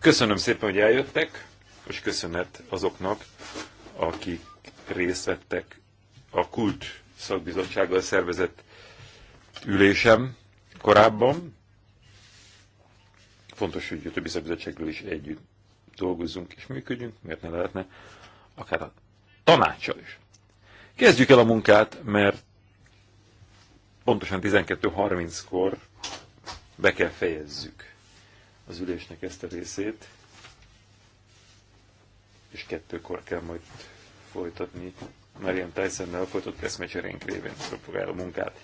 Köszönöm szépen, hogy eljöttek, és köszönet azoknak, akik részt vettek a Kult szakbizottsággal szervezett ülésem korábban. Fontos, hogy a többi szakbizottságról is együtt dolgozzunk és működjünk, miért ne lehetne, akár a tanácssal is. Kezdjük el a munkát, mert pontosan 12.30-kor be kell fejezzük az ülésnek ezt a részét, és kettőkor kell majd folytatni Marian Tyson-nel folytott eszmecserénk révén a munkát.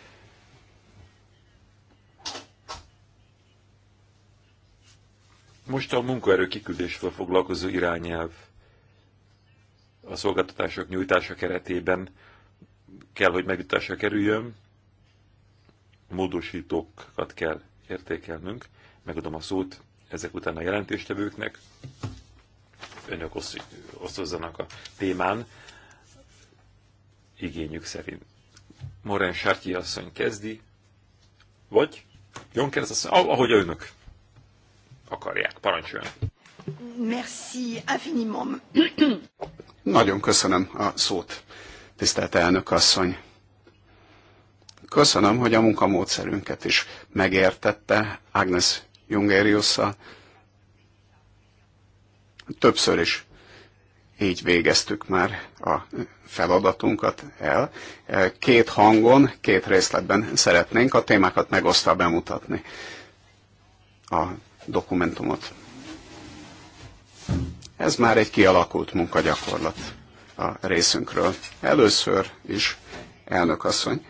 Most a munkaerő kiküldésről foglalkozó irányelv a szolgáltatások nyújtása keretében kell, hogy megütásra kerüljön. Módosítókat kell értékelnünk. Megadom a szót ezek után a jelentéstevőknek, önök osztozzanak a témán, igényük szerint. Moren Sártyi asszony kezdi, vagy Jonker asszony, ah, ahogy önök akarják, parancsoljon. Merci infiniment. Nagyon köszönöm a szót, tisztelt elnök asszony. Köszönöm, hogy a munkamódszerünket is megértette. Agnes Jungeriusszal. Többször is így végeztük már a feladatunkat el. Két hangon, két részletben szeretnénk a témákat megosztva bemutatni a dokumentumot. Ez már egy kialakult munkagyakorlat a részünkről. Először is, elnök asszony,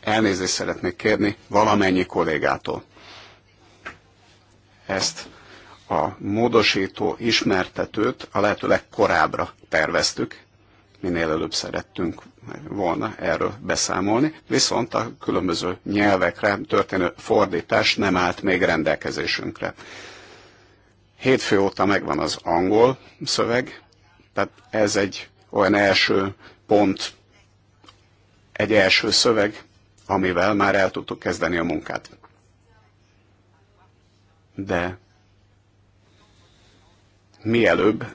elnézést szeretnék kérni valamennyi kollégától, ezt a módosító ismertetőt a lehető legkorábbra terveztük, minél előbb szerettünk volna erről beszámolni, viszont a különböző nyelvekre történő fordítás nem állt még rendelkezésünkre. Hétfő óta megvan az angol szöveg, tehát ez egy olyan első pont, egy első szöveg, amivel már el tudtuk kezdeni a munkát de mielőbb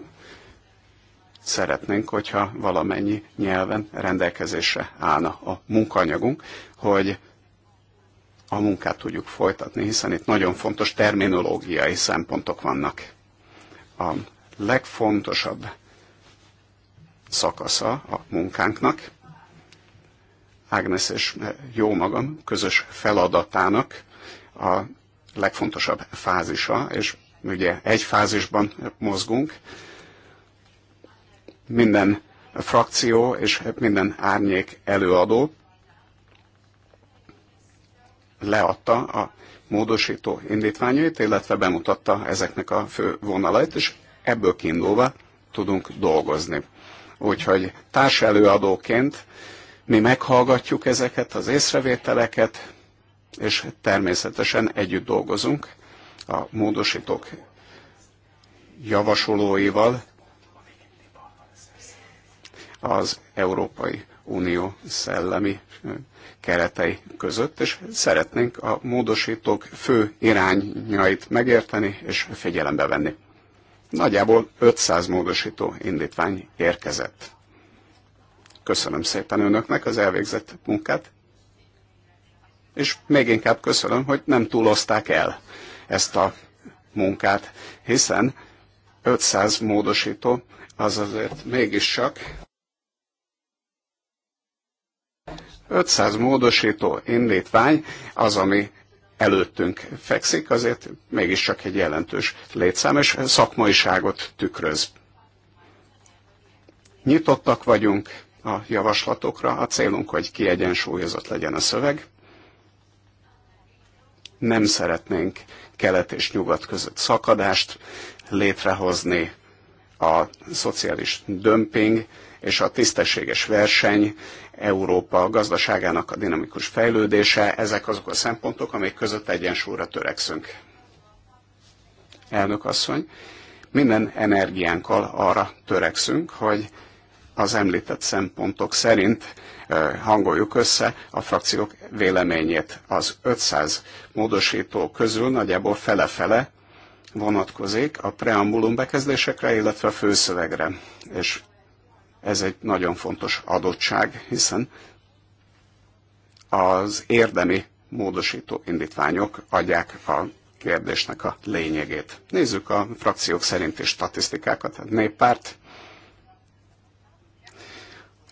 szeretnénk, hogyha valamennyi nyelven rendelkezésre állna a munkanyagunk, hogy a munkát tudjuk folytatni, hiszen itt nagyon fontos terminológiai szempontok vannak. A legfontosabb szakasza a munkánknak, Ágnes és jó magam közös feladatának a legfontosabb fázisa, és ugye egy fázisban mozgunk. Minden frakció és minden árnyék előadó leadta a módosító indítványait, illetve bemutatta ezeknek a fő vonalait, és ebből kiindulva tudunk dolgozni. Úgyhogy társ előadóként mi meghallgatjuk ezeket az észrevételeket, és természetesen együtt dolgozunk a módosítók javasolóival az Európai Unió szellemi keretei között, és szeretnénk a módosítók fő irányait megérteni és figyelembe venni. Nagyjából 500 módosító indítvány érkezett. Köszönöm szépen önöknek az elvégzett munkát, és még inkább köszönöm, hogy nem túlozták el ezt a munkát, hiszen 500 módosító az azért mégiscsak 500 módosító indítvány az, ami előttünk fekszik, azért mégiscsak egy jelentős létszám, és szakmaiságot tükröz. Nyitottak vagyunk a javaslatokra, a célunk, hogy kiegyensúlyozott legyen a szöveg, nem szeretnénk kelet és nyugat között szakadást létrehozni, a szociális dömping és a tisztességes verseny, Európa gazdaságának a dinamikus fejlődése, ezek azok a szempontok, amik között egyensúlyra törekszünk. Elnök asszony, minden energiánkkal arra törekszünk, hogy az említett szempontok szerint eh, hangoljuk össze a frakciók véleményét. Az 500 módosító közül nagyjából fele-fele vonatkozik a preambulum bekezdésekre, illetve a főszövegre. És ez egy nagyon fontos adottság, hiszen az érdemi módosító indítványok adják a kérdésnek a lényegét. Nézzük a frakciók szerinti statisztikákat. A néppárt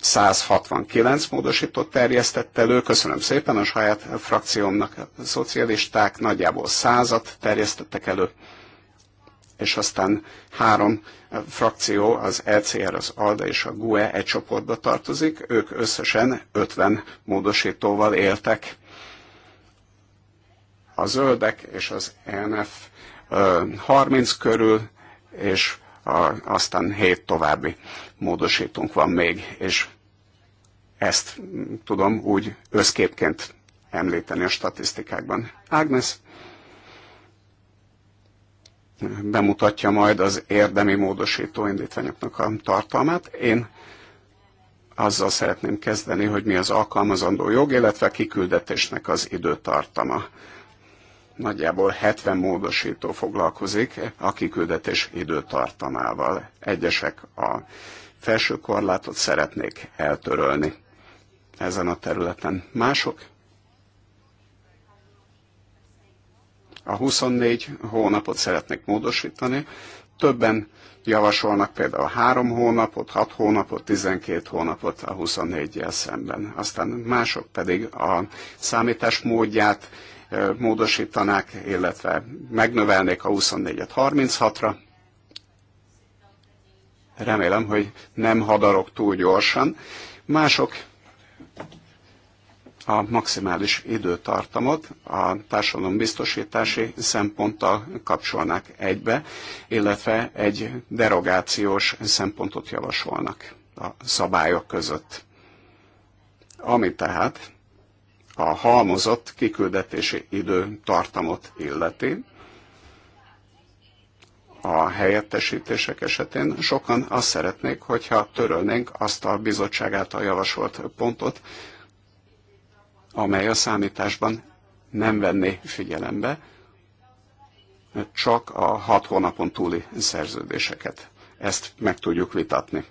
169 módosított terjesztett elő, köszönöm szépen a saját frakciómnak, a szocialisták nagyjából százat terjesztettek elő, és aztán három frakció, az ECR, az ALDA és a GUE egy csoportba tartozik, ők összesen 50 módosítóval éltek. A zöldek és az ENF 30 körül, és a, aztán hét további módosítunk van még, és ezt mm, tudom úgy összképként említeni a statisztikákban. Ágnes bemutatja majd az érdemi módosító indítványoknak a tartalmát. Én azzal szeretném kezdeni, hogy mi az alkalmazandó jog, illetve kiküldetésnek az időtartama nagyjából 70 módosító foglalkozik a kiküldetés időtartamával. Egyesek a felső korlátot szeretnék eltörölni ezen a területen. Mások a 24 hónapot szeretnék módosítani. Többen javasolnak például 3 hónapot, 6 hónapot, 12 hónapot a 24-jel szemben. Aztán mások pedig a számítás módját módosítanák, illetve megnövelnék a 24-et 36-ra. Remélem, hogy nem hadarok túl gyorsan. Mások a maximális időtartamot a biztosítási szemponttal kapcsolnak egybe, illetve egy derogációs szempontot javasolnak a szabályok között. Ami tehát a halmozott kiküldetési idő tartamot illeti, a helyettesítések esetén sokan azt szeretnék, hogyha törölnénk azt a bizottság által javasolt pontot, amely a számításban nem venné figyelembe csak a hat hónapon túli szerződéseket. Ezt meg tudjuk vitatni.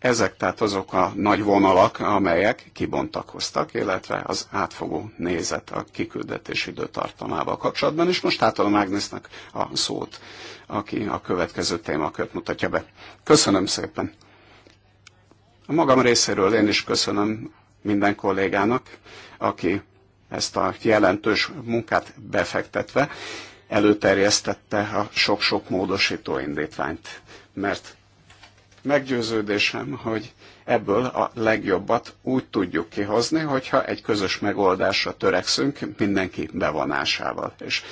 Ezek tehát azok a nagy vonalak, amelyek kibontakoztak, illetve az átfogó nézet a kiküldetés időtartamával kapcsolatban. És most átadom Ágnesnek a szót, aki a következő témakört mutatja be. Köszönöm szépen! A magam részéről én is köszönöm minden kollégának, aki ezt a jelentős munkát befektetve előterjesztette a sok-sok módosító indítványt, mert meggyőződésem, hogy ebből a legjobbat úgy tudjuk kihozni, hogyha egy közös megoldásra törekszünk mindenki bevonásával. És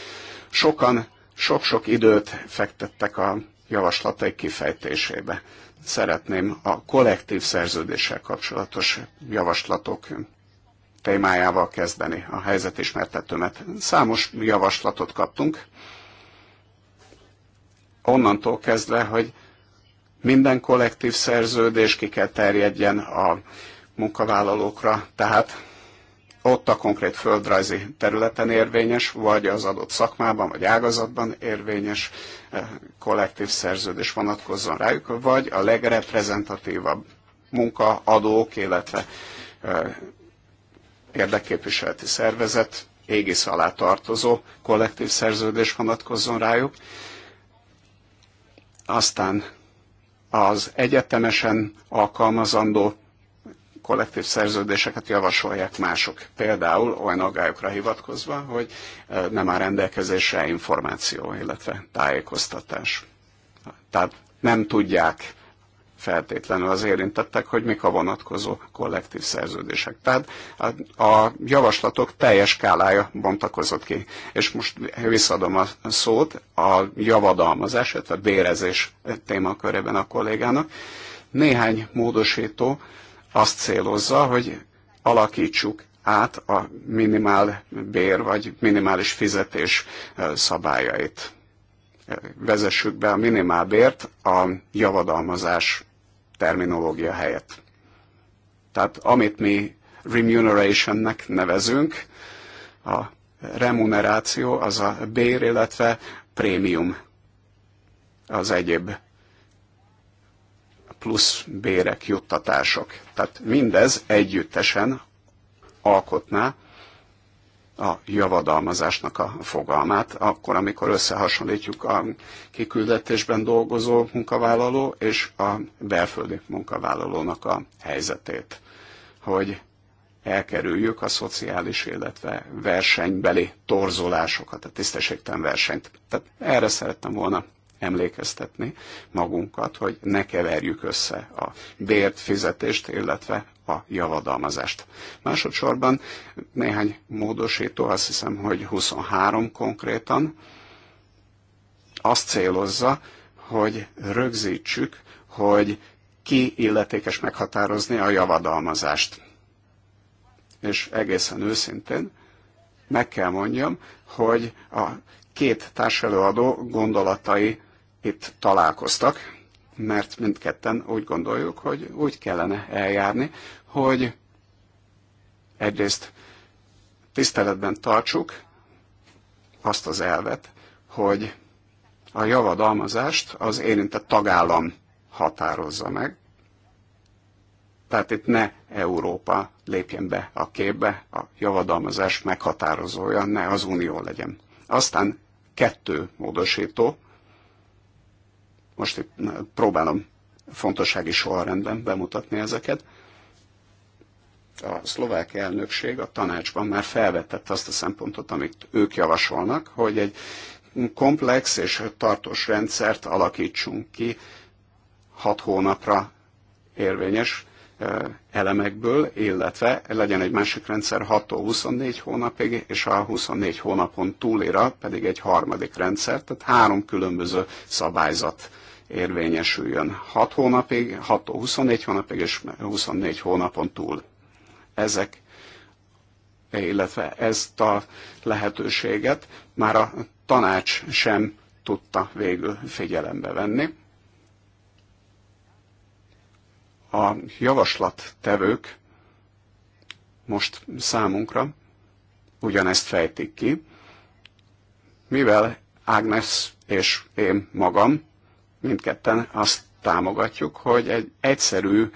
sokan sok-sok időt fektettek a javaslataik kifejtésébe. Szeretném a kollektív szerződéssel kapcsolatos javaslatok témájával kezdeni a helyzetismertetőmet. Számos javaslatot kaptunk, onnantól kezdve, hogy minden kollektív szerződés ki kell terjedjen a munkavállalókra, tehát ott a konkrét földrajzi területen érvényes, vagy az adott szakmában, vagy ágazatban érvényes eh, kollektív szerződés vonatkozzon rájuk, vagy a legreprezentatívabb munkaadók, illetve eh, érdekképviseleti szervezet égisz alá tartozó kollektív szerződés vonatkozzon rájuk. Aztán az egyetemesen alkalmazandó kollektív szerződéseket javasolják mások. Például olyan aggályokra hivatkozva, hogy eh, nem áll rendelkezésre információ, illetve tájékoztatás. Tehát nem tudják feltétlenül az érintettek, hogy mik a vonatkozó kollektív szerződések. Tehát a javaslatok teljes skálája bontakozott ki. És most visszadom a szót a javadalmazás, illetve bérezés témakörében a kollégának. Néhány módosító azt célozza, hogy alakítsuk át a minimál bér vagy minimális fizetés szabályait vezessük be a minimálbért a javadalmazás terminológia helyett. Tehát amit mi remunerationnek nevezünk, a remuneráció az a bér, illetve prémium az egyéb plusz bérek, juttatások. Tehát mindez együttesen alkotná a javadalmazásnak a fogalmát, akkor, amikor összehasonlítjuk a kiküldetésben dolgozó munkavállaló és a belföldi munkavállalónak a helyzetét, hogy elkerüljük a szociális, illetve versenybeli torzulásokat, a tisztességtelen versenyt. Tehát erre szerettem volna emlékeztetni magunkat, hogy ne keverjük össze a bért, fizetést, illetve a javadalmazást. Másodszorban néhány módosító, azt hiszem, hogy 23 konkrétan, azt célozza, hogy rögzítsük, hogy ki illetékes meghatározni a javadalmazást. És egészen őszintén meg kell mondjam, hogy a két társelőadó gondolatai itt találkoztak, mert mindketten úgy gondoljuk, hogy úgy kellene eljárni, hogy egyrészt tiszteletben tartsuk azt az elvet, hogy a javadalmazást az érintett tagállam határozza meg. Tehát itt ne Európa lépjen be a képbe, a javadalmazás meghatározója, ne az Unió legyen. Aztán kettő módosító, most itt próbálom fontossági sorrendben bemutatni ezeket. A szlovák elnökség a tanácsban már felvetett azt a szempontot, amit ők javasolnak, hogy egy komplex és tartós rendszert alakítsunk ki hat hónapra érvényes elemekből, illetve legyen egy másik rendszer 6-tól 24 hónapig, és a 24 hónapon túlira pedig egy harmadik rendszer, tehát három különböző szabályzat érvényesüljön 6 hónapig, 6-tól 24 hónapig és 24 hónapon túl. Ezek, illetve ezt a lehetőséget már a tanács sem tudta végül figyelembe venni. A javaslattevők most számunkra ugyanezt fejtik ki, mivel Ágnes és én magam mindketten azt támogatjuk, hogy egy egyszerű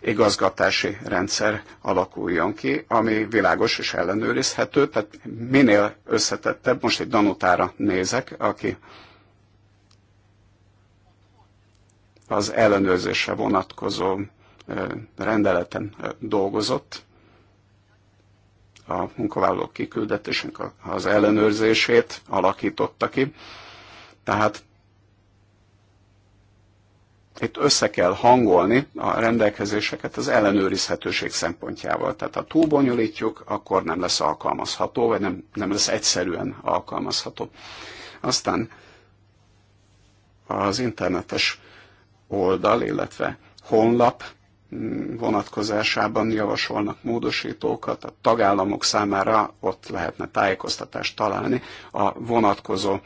igazgatási rendszer alakuljon ki, ami világos és ellenőrizhető, tehát minél összetettebb, most egy Danutára nézek, aki az ellenőrzésre vonatkozó rendeleten dolgozott, a munkavállalók kiküldetésünk az ellenőrzését alakította ki, tehát itt össze kell hangolni a rendelkezéseket az ellenőrizhetőség szempontjával. Tehát ha túl bonyolítjuk, akkor nem lesz alkalmazható, vagy nem, nem lesz egyszerűen alkalmazható. Aztán az internetes oldal, illetve honlap mm, vonatkozásában javasolnak módosítókat, a tagállamok számára ott lehetne tájékoztatást találni a vonatkozó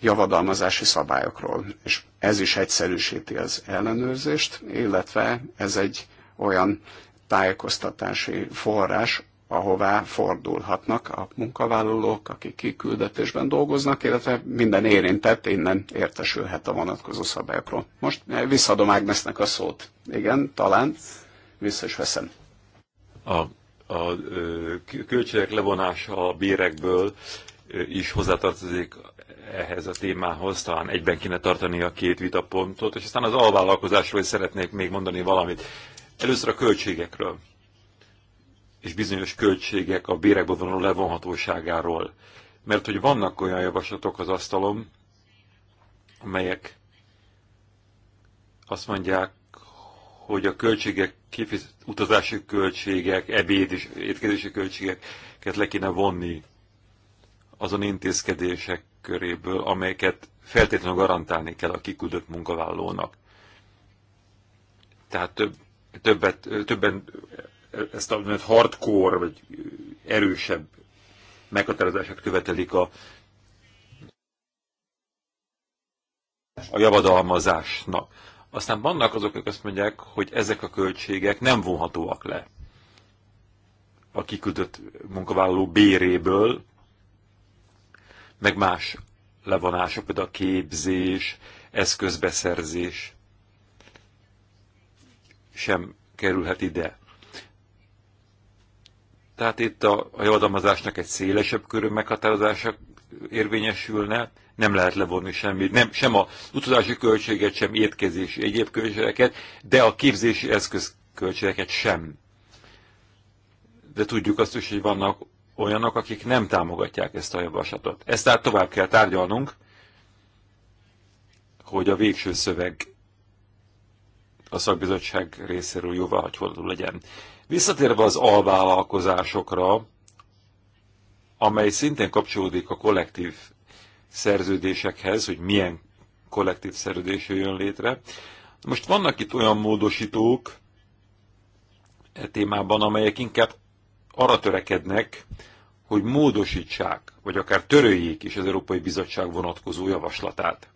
javadalmazási szabályokról, és ez is egyszerűsíti az ellenőrzést, illetve ez egy olyan tájékoztatási forrás, ahová fordulhatnak a munkavállalók, akik kiküldetésben dolgoznak, illetve minden érintett innen értesülhet a vonatkozó szabályokról. Most visszadom Ágnesnek a szót. Igen, talán vissza is veszem. A, a költségek levonása a bérekből is hozzátartozik ehhez a témához talán egyben kéne tartani a két vitapontot, és aztán az alvállalkozásról is szeretnék még mondani valamit. Először a költségekről, és bizonyos költségek a bérekből vonuló levonhatóságáról. Mert hogy vannak olyan javaslatok az asztalom, amelyek azt mondják, hogy a költségek, utazási költségek, ebéd és étkezési költségeket le kéne vonni azon intézkedések köréből, amelyeket feltétlenül garantálni kell a kiküldött munkavállalónak. Tehát több, többet, többen ezt a hardcore, vagy erősebb meghatározását követelik a, a javadalmazásnak. Aztán vannak azok, akik azt mondják, hogy ezek a költségek nem vonhatóak le a kiküldött munkavállaló béréből, meg más levonások, például a képzés, eszközbeszerzés sem kerülhet ide. Tehát itt a, a javadalmazásnak egy szélesebb körű meghatározása érvényesülne, nem lehet levonni semmit, nem, sem a utazási költséget, sem étkezési egyéb költségeket, de a képzési eszköz költségeket sem. De tudjuk azt is, hogy vannak olyanok, akik nem támogatják ezt a javaslatot. Ezt tehát tovább kell tárgyalnunk, hogy a végső szöveg a szakbizottság részéről hagyható legyen. Visszatérve az alvállalkozásokra, amely szintén kapcsolódik a kollektív szerződésekhez, hogy milyen kollektív szerződés jön létre. Most vannak itt olyan módosítók e témában, amelyek inkább arra törekednek, hogy módosítsák, vagy akár töröljék is az Európai Bizottság vonatkozó javaslatát.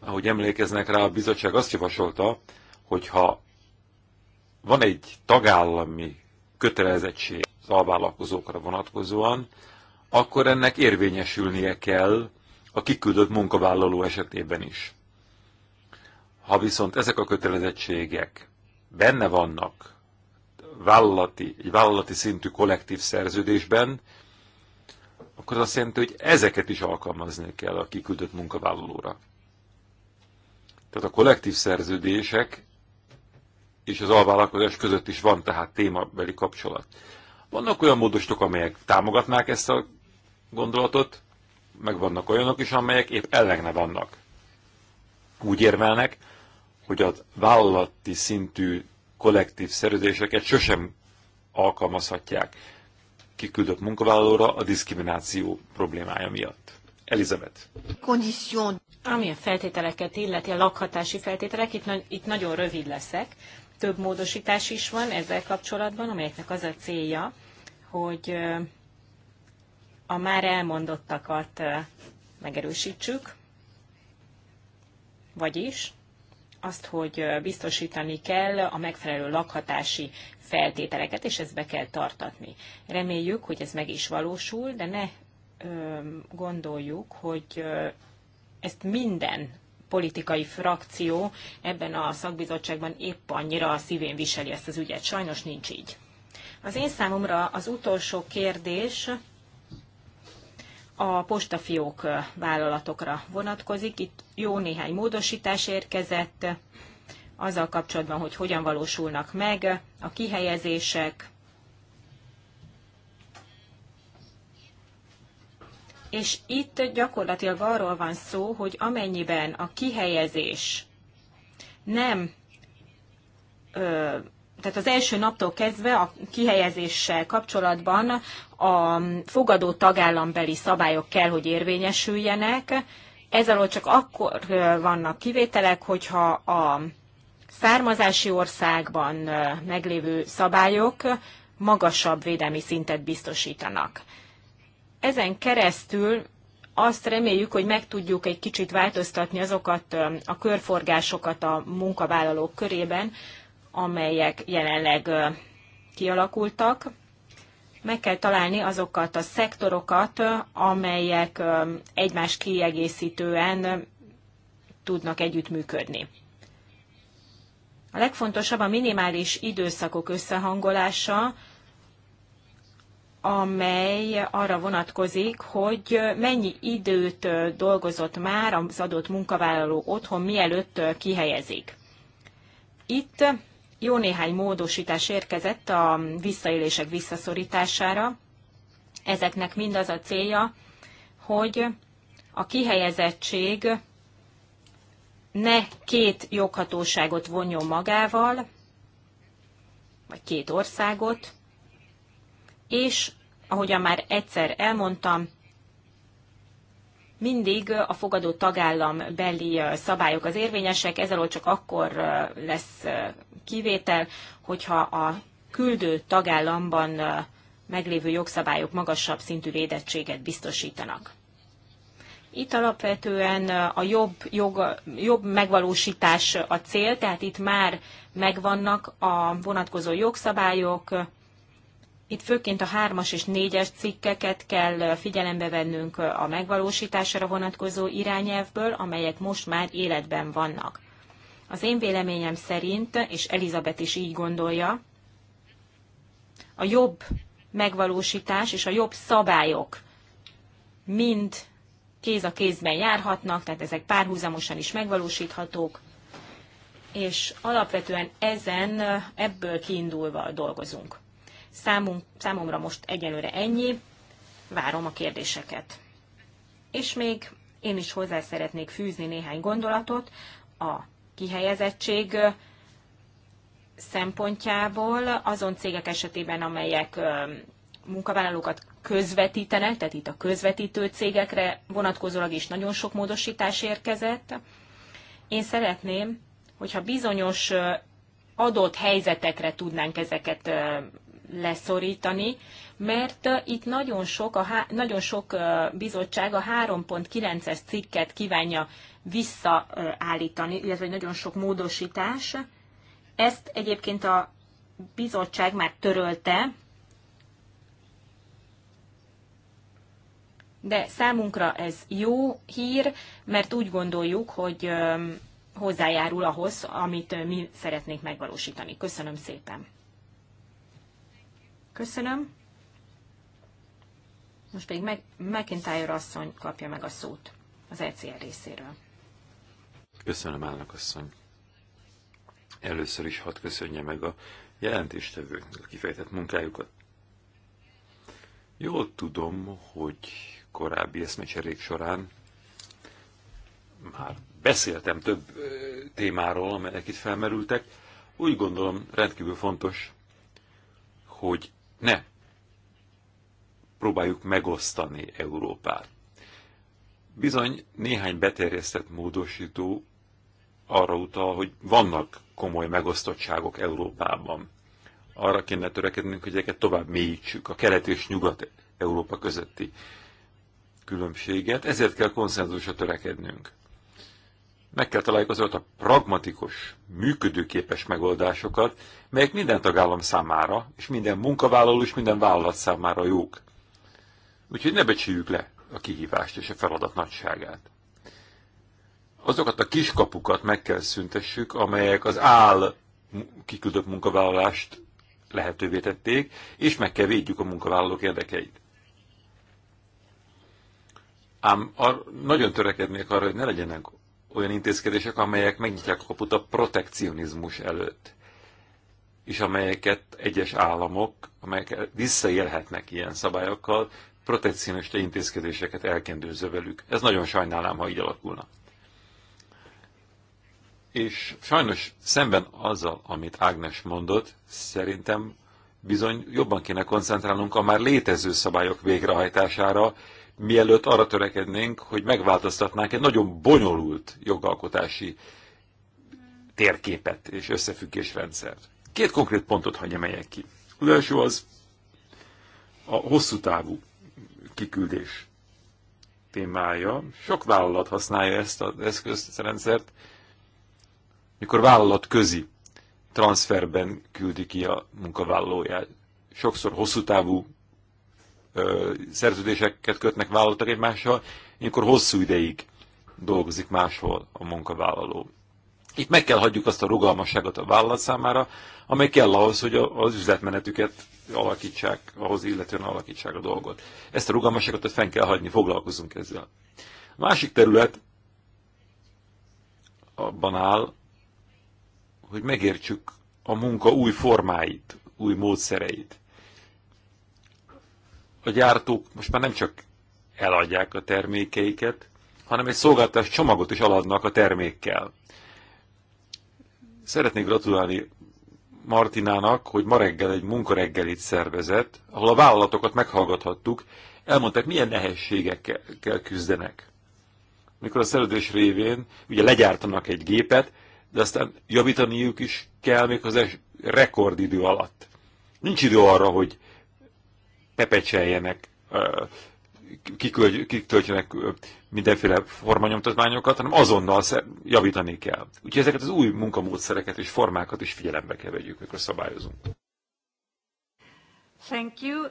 Ahogy emlékeznek rá, a bizottság azt javasolta, hogy ha van egy tagállami kötelezettség az alvállalkozókra vonatkozóan, akkor ennek érvényesülnie kell a kiküldött munkavállaló esetében is. Ha viszont ezek a kötelezettségek benne vannak vállalati, egy vállalati szintű kollektív szerződésben, akkor az azt jelenti, hogy ezeket is alkalmazni kell a kiküldött munkavállalóra. Tehát a kollektív szerződések és az alvállalkozás között is van tehát témabeli kapcsolat. Vannak olyan módostok, amelyek támogatnák ezt a gondolatot, meg vannak olyanok is, amelyek épp ellene vannak. Úgy érvelnek, hogy a vállalati szintű kollektív szerződéseket sosem alkalmazhatják kiküldött munkavállalóra a diszkrimináció problémája miatt. Elizabeth. Ami a feltételeket illeti, a lakhatási feltételek, itt, itt nagyon rövid leszek. Több módosítás is van ezzel kapcsolatban, amelyeknek az a célja, hogy a már elmondottakat megerősítsük, vagyis azt, hogy biztosítani kell a megfelelő lakhatási feltételeket, és ezt be kell tartatni. Reméljük, hogy ez meg is valósul, de ne ö, gondoljuk, hogy ö, ezt minden politikai frakció ebben a szakbizottságban épp annyira a szívén viseli ezt az ügyet. Sajnos nincs így. Az én számomra az utolsó kérdés a postafiók vállalatokra vonatkozik. Itt jó néhány módosítás érkezett azzal kapcsolatban, hogy hogyan valósulnak meg a kihelyezések, És itt gyakorlatilag arról van szó, hogy amennyiben a kihelyezés nem ö, tehát az első naptól kezdve a kihelyezéssel kapcsolatban a fogadó tagállambeli szabályok kell, hogy érvényesüljenek. Ez alól csak akkor vannak kivételek, hogyha a származási országban meglévő szabályok magasabb védelmi szintet biztosítanak. Ezen keresztül azt reméljük, hogy meg tudjuk egy kicsit változtatni azokat a körforgásokat a munkavállalók körében, amelyek jelenleg kialakultak. Meg kell találni azokat a szektorokat, amelyek egymás kiegészítően tudnak együttműködni. A legfontosabb a minimális időszakok összehangolása, amely arra vonatkozik, hogy mennyi időt dolgozott már az adott munkavállaló otthon, mielőtt kihelyezik. Itt jó néhány módosítás érkezett a visszaélések visszaszorítására. Ezeknek mind az a célja, hogy a kihelyezettség ne két joghatóságot vonjon magával, vagy két országot, és ahogyan már egyszer elmondtam, mindig a fogadó tagállam beli szabályok az érvényesek, ezzel csak akkor lesz kivétel, hogyha a küldő tagállamban meglévő jogszabályok magasabb szintű védettséget biztosítanak. Itt alapvetően a jobb, jog, jobb megvalósítás a cél, tehát itt már megvannak a vonatkozó jogszabályok, itt főként a hármas és négyes cikkeket kell figyelembe vennünk a megvalósításra vonatkozó irányelvből, amelyek most már életben vannak. Az én véleményem szerint, és Elizabeth is így gondolja, a jobb megvalósítás és a jobb szabályok mind kéz a kézben járhatnak, tehát ezek párhuzamosan is megvalósíthatók, és alapvetően ezen, ebből kiindulva dolgozunk. Számom, számomra most egyelőre ennyi, várom a kérdéseket. És még én is hozzá szeretnék fűzni néhány gondolatot a kihelyezettség szempontjából azon cégek esetében, amelyek munkavállalókat közvetítenek, tehát itt a közvetítő cégekre vonatkozólag is nagyon sok módosítás érkezett. Én szeretném, hogyha bizonyos adott helyzetekre tudnánk ezeket leszorítani, mert uh, itt nagyon sok, a há- nagyon sok uh, bizottság a 3.9-es cikket kívánja visszaállítani, illetve nagyon sok módosítás. Ezt egyébként a bizottság már törölte, de számunkra ez jó hír, mert úgy gondoljuk, hogy um, hozzájárul ahhoz, amit uh, mi szeretnénk megvalósítani. Köszönöm szépen! Köszönöm. Most pedig McIntyre asszony kapja meg a szót az ECR részéről. Köszönöm, állnak asszony. Először is hadd köszönje meg a jelentéstevőknek a kifejtett munkájukat. Jól tudom, hogy korábbi eszmecserék során már beszéltem több témáról, amelyek itt felmerültek. Úgy gondolom rendkívül fontos, hogy ne próbáljuk megosztani Európát. Bizony néhány beterjesztett módosító arra utal, hogy vannak komoly megosztottságok Európában. Arra kéne törekednünk, hogy ezeket tovább mélyítsük, a kelet és nyugat Európa közötti különbséget, ezért kell konszenzusra törekednünk. Meg kell találjuk azokat a pragmatikus, működőképes megoldásokat, melyek minden tagállam számára, és minden munkavállaló és minden vállalat számára jók. Úgyhogy ne becsüljük le a kihívást és a feladat nagyságát. Azokat a kiskapukat meg kell szüntessük, amelyek az áll kiküldött munkavállalást lehetővé tették, és meg kell védjük a munkavállalók érdekeit. Ám ar- nagyon törekednék arra, hogy ne legyenek olyan intézkedések, amelyek megnyitják a kaput a protekcionizmus előtt, és amelyeket egyes államok, amelyek visszaélhetnek ilyen szabályokkal, protekcionista intézkedéseket elkendőző velük. Ez nagyon sajnálám, ha így alakulna. És sajnos szemben azzal, amit Ágnes mondott, szerintem bizony jobban kéne koncentrálnunk a már létező szabályok végrehajtására, mielőtt arra törekednénk, hogy megváltoztatnánk egy nagyon bonyolult jogalkotási térképet és összefüggésrendszert. Két konkrét pontot hagyja emeljek ki. Az első az a hosszú távú kiküldés témája. Sok vállalat használja ezt az eszközt, ezt a rendszert, mikor vállalat közi transferben küldi ki a munkavállalóját. Sokszor hosszú távú szerződéseket kötnek vállalatok egymással, amikor hosszú ideig dolgozik máshol a munkavállaló. Itt meg kell hagyjuk azt a rugalmasságot a vállalat számára, amely kell ahhoz, hogy az üzletmenetüket alakítsák, ahhoz illetően alakítsák a dolgot. Ezt a rugalmasságot fenn kell hagyni, foglalkozunk ezzel. A másik terület abban áll, hogy megértsük a munka új formáit, új módszereit a gyártók most már nem csak eladják a termékeiket, hanem egy szolgáltás csomagot is aladnak a termékkel. Szeretnék gratulálni Martinának, hogy ma reggel egy munkareggelit szervezett, ahol a vállalatokat meghallgathattuk, elmondták, milyen nehézségekkel küzdenek. Mikor a szerződés révén ugye legyártanak egy gépet, de aztán javítaniuk is kell még az rekordidő alatt. Nincs idő arra, hogy pepecseljenek, kitöltjenek mindenféle formanyomtatványokat, hanem azonnal javítani kell. Úgyhogy ezeket az új munkamódszereket és formákat is figyelembe kell vegyük, mikor szabályozunk. Thank you. Uh...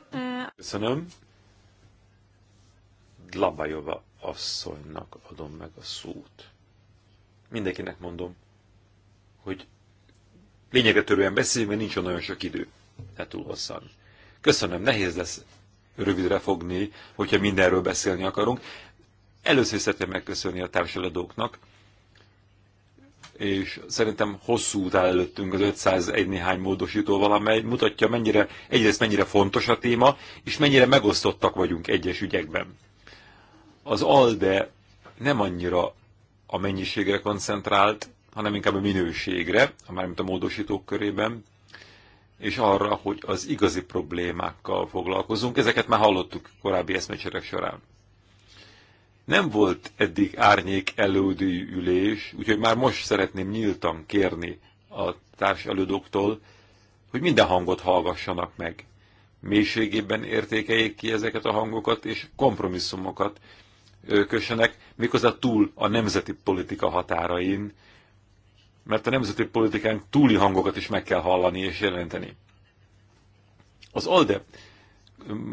Köszönöm. Dlabajova asszonynak adom meg a szót. Mindenkinek mondom, hogy lényegre törően beszéljünk, mert nincs olyan sok idő. Hát túl hosszan. Köszönöm, nehéz lesz rövidre fogni, hogyha mindenről beszélni akarunk. Először is szeretném megköszönni a társadalmadóknak, és szerintem hosszú út áll előttünk az 501 néhány módosítóval, amely mutatja, mennyire, egyrészt mennyire fontos a téma, és mennyire megosztottak vagyunk egyes ügyekben. Az ALDE nem annyira a mennyiségre koncentrált, hanem inkább a minőségre, mármint a módosítók körében, és arra, hogy az igazi problémákkal foglalkozunk. Ezeket már hallottuk korábbi eszmecserek során. Nem volt eddig árnyék elődő ülés, úgyhogy már most szeretném nyíltan kérni a társ elődoktól, hogy minden hangot hallgassanak meg. Mélységében értékeljék ki ezeket a hangokat, és kompromisszumokat kössenek, méghozzá túl a nemzeti politika határain, mert a nemzeti politikán túli hangokat is meg kell hallani és jelenteni. Az ALDE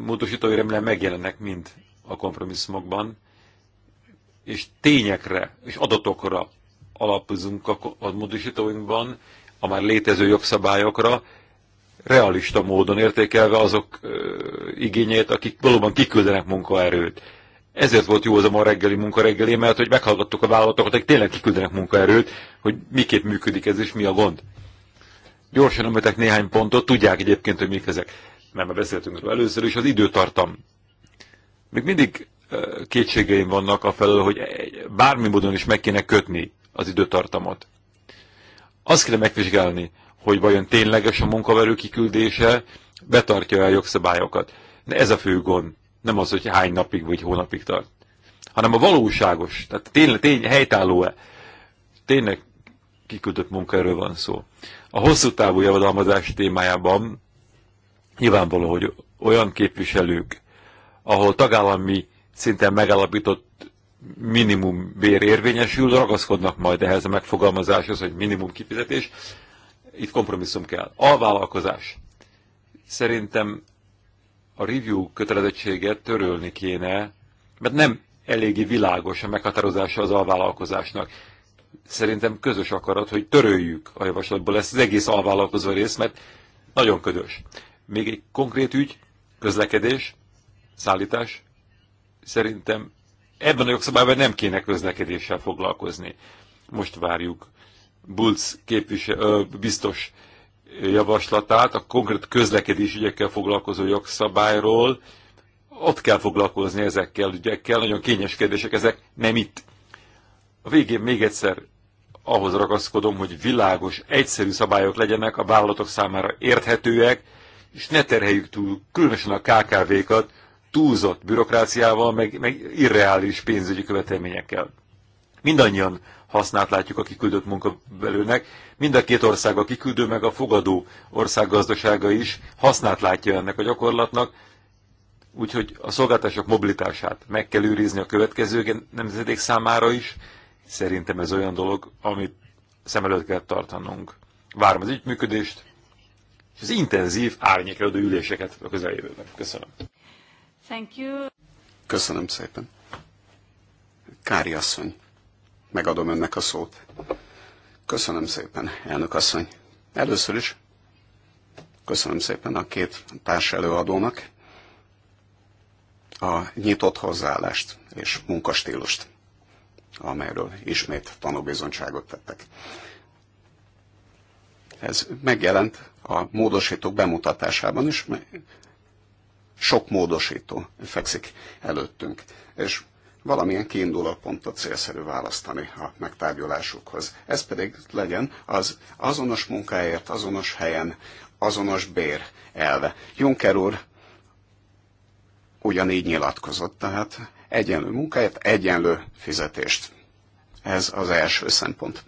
módosítói remélem megjelennek mind a kompromisszumokban, és tényekre és adatokra alapozunk a, a módosítóinkban, a már létező jogszabályokra, realista módon értékelve azok ö, igényeit, akik valóban kiküldenek munkaerőt ezért volt jó az a ma reggeli munka reggeli, mert hogy meghallgattuk a vállalatokat, akik tényleg kiküldenek munkaerőt, hogy miképp működik ez és mi a gond. Gyorsan ömötek néhány pontot, tudják egyébként, hogy mik ezek. Mert már beszéltünk róla először is, az időtartam. Még mindig kétségeim vannak a felől, hogy bármi módon is meg kéne kötni az időtartamot. Azt kéne megvizsgálni, hogy vajon tényleges a munkaverő kiküldése, betartja-e a jogszabályokat. De ez a fő gond. Nem az, hogy hány napig vagy hónapig tart, hanem a valóságos, tehát tényleg tény, helytálló-e, tényleg kiküldött munkaerő van szó. A hosszú távú javadalmazás témájában nyilvánvaló, hogy olyan képviselők, ahol tagállami szinten megállapított minimum bér érvényesül, ragaszkodnak majd ehhez a megfogalmazáshoz, hogy minimum kifizetés. Itt kompromisszum kell. A vállalkozás. Szerintem a review kötelezettséget törölni kéne, mert nem eléggé világos a meghatározása az alvállalkozásnak. Szerintem közös akarat, hogy töröljük a javaslatból ezt az egész alvállalkozó rész, mert nagyon ködös. Még egy konkrét ügy, közlekedés, szállítás, szerintem ebben a jogszabályban nem kéne közlekedéssel foglalkozni. Most várjuk Bulc képvisel, ö, biztos javaslatát a konkrét közlekedési ügyekkel foglalkozó jogszabályról. Ott kell foglalkozni ezekkel ügyekkel, nagyon kényes kérdések ezek, nem itt. A végén még egyszer ahhoz ragaszkodom, hogy világos, egyszerű szabályok legyenek a vállalatok számára érthetőek, és ne terheljük túl, különösen a KKV-kat, túlzott bürokráciával, meg, meg irreális pénzügyi követelményekkel. Mindannyian hasznát látjuk a kiküldött munkabelőnek. Mind a két ország, a kiküldő meg a fogadó ország gazdasága is hasznát látja ennek a gyakorlatnak, úgyhogy a szolgáltások mobilitását meg kell őrizni a következő nemzedék számára is. Szerintem ez olyan dolog, amit szem előtt kell tartanunk. Várom az ügyműködést, és az intenzív árnyékelődő üléseket a közeljövőben. Köszönöm. Thank you. Köszönöm szépen. Kári asszony megadom önnek a szót. Köszönöm szépen, elnök asszony. Először is köszönöm szépen a két társ előadónak a nyitott hozzáállást és munkastílust, amelyről ismét tanúbizonyságot tettek. Ez megjelent a módosítók bemutatásában is, sok módosító fekszik előttünk, és valamilyen kiinduló pontot célszerű választani a megtárgyalásukhoz. Ez pedig legyen az azonos munkáért, azonos helyen, azonos bér elve. Juncker úr ugyanígy nyilatkozott, tehát egyenlő munkáért, egyenlő fizetést. Ez az első szempont.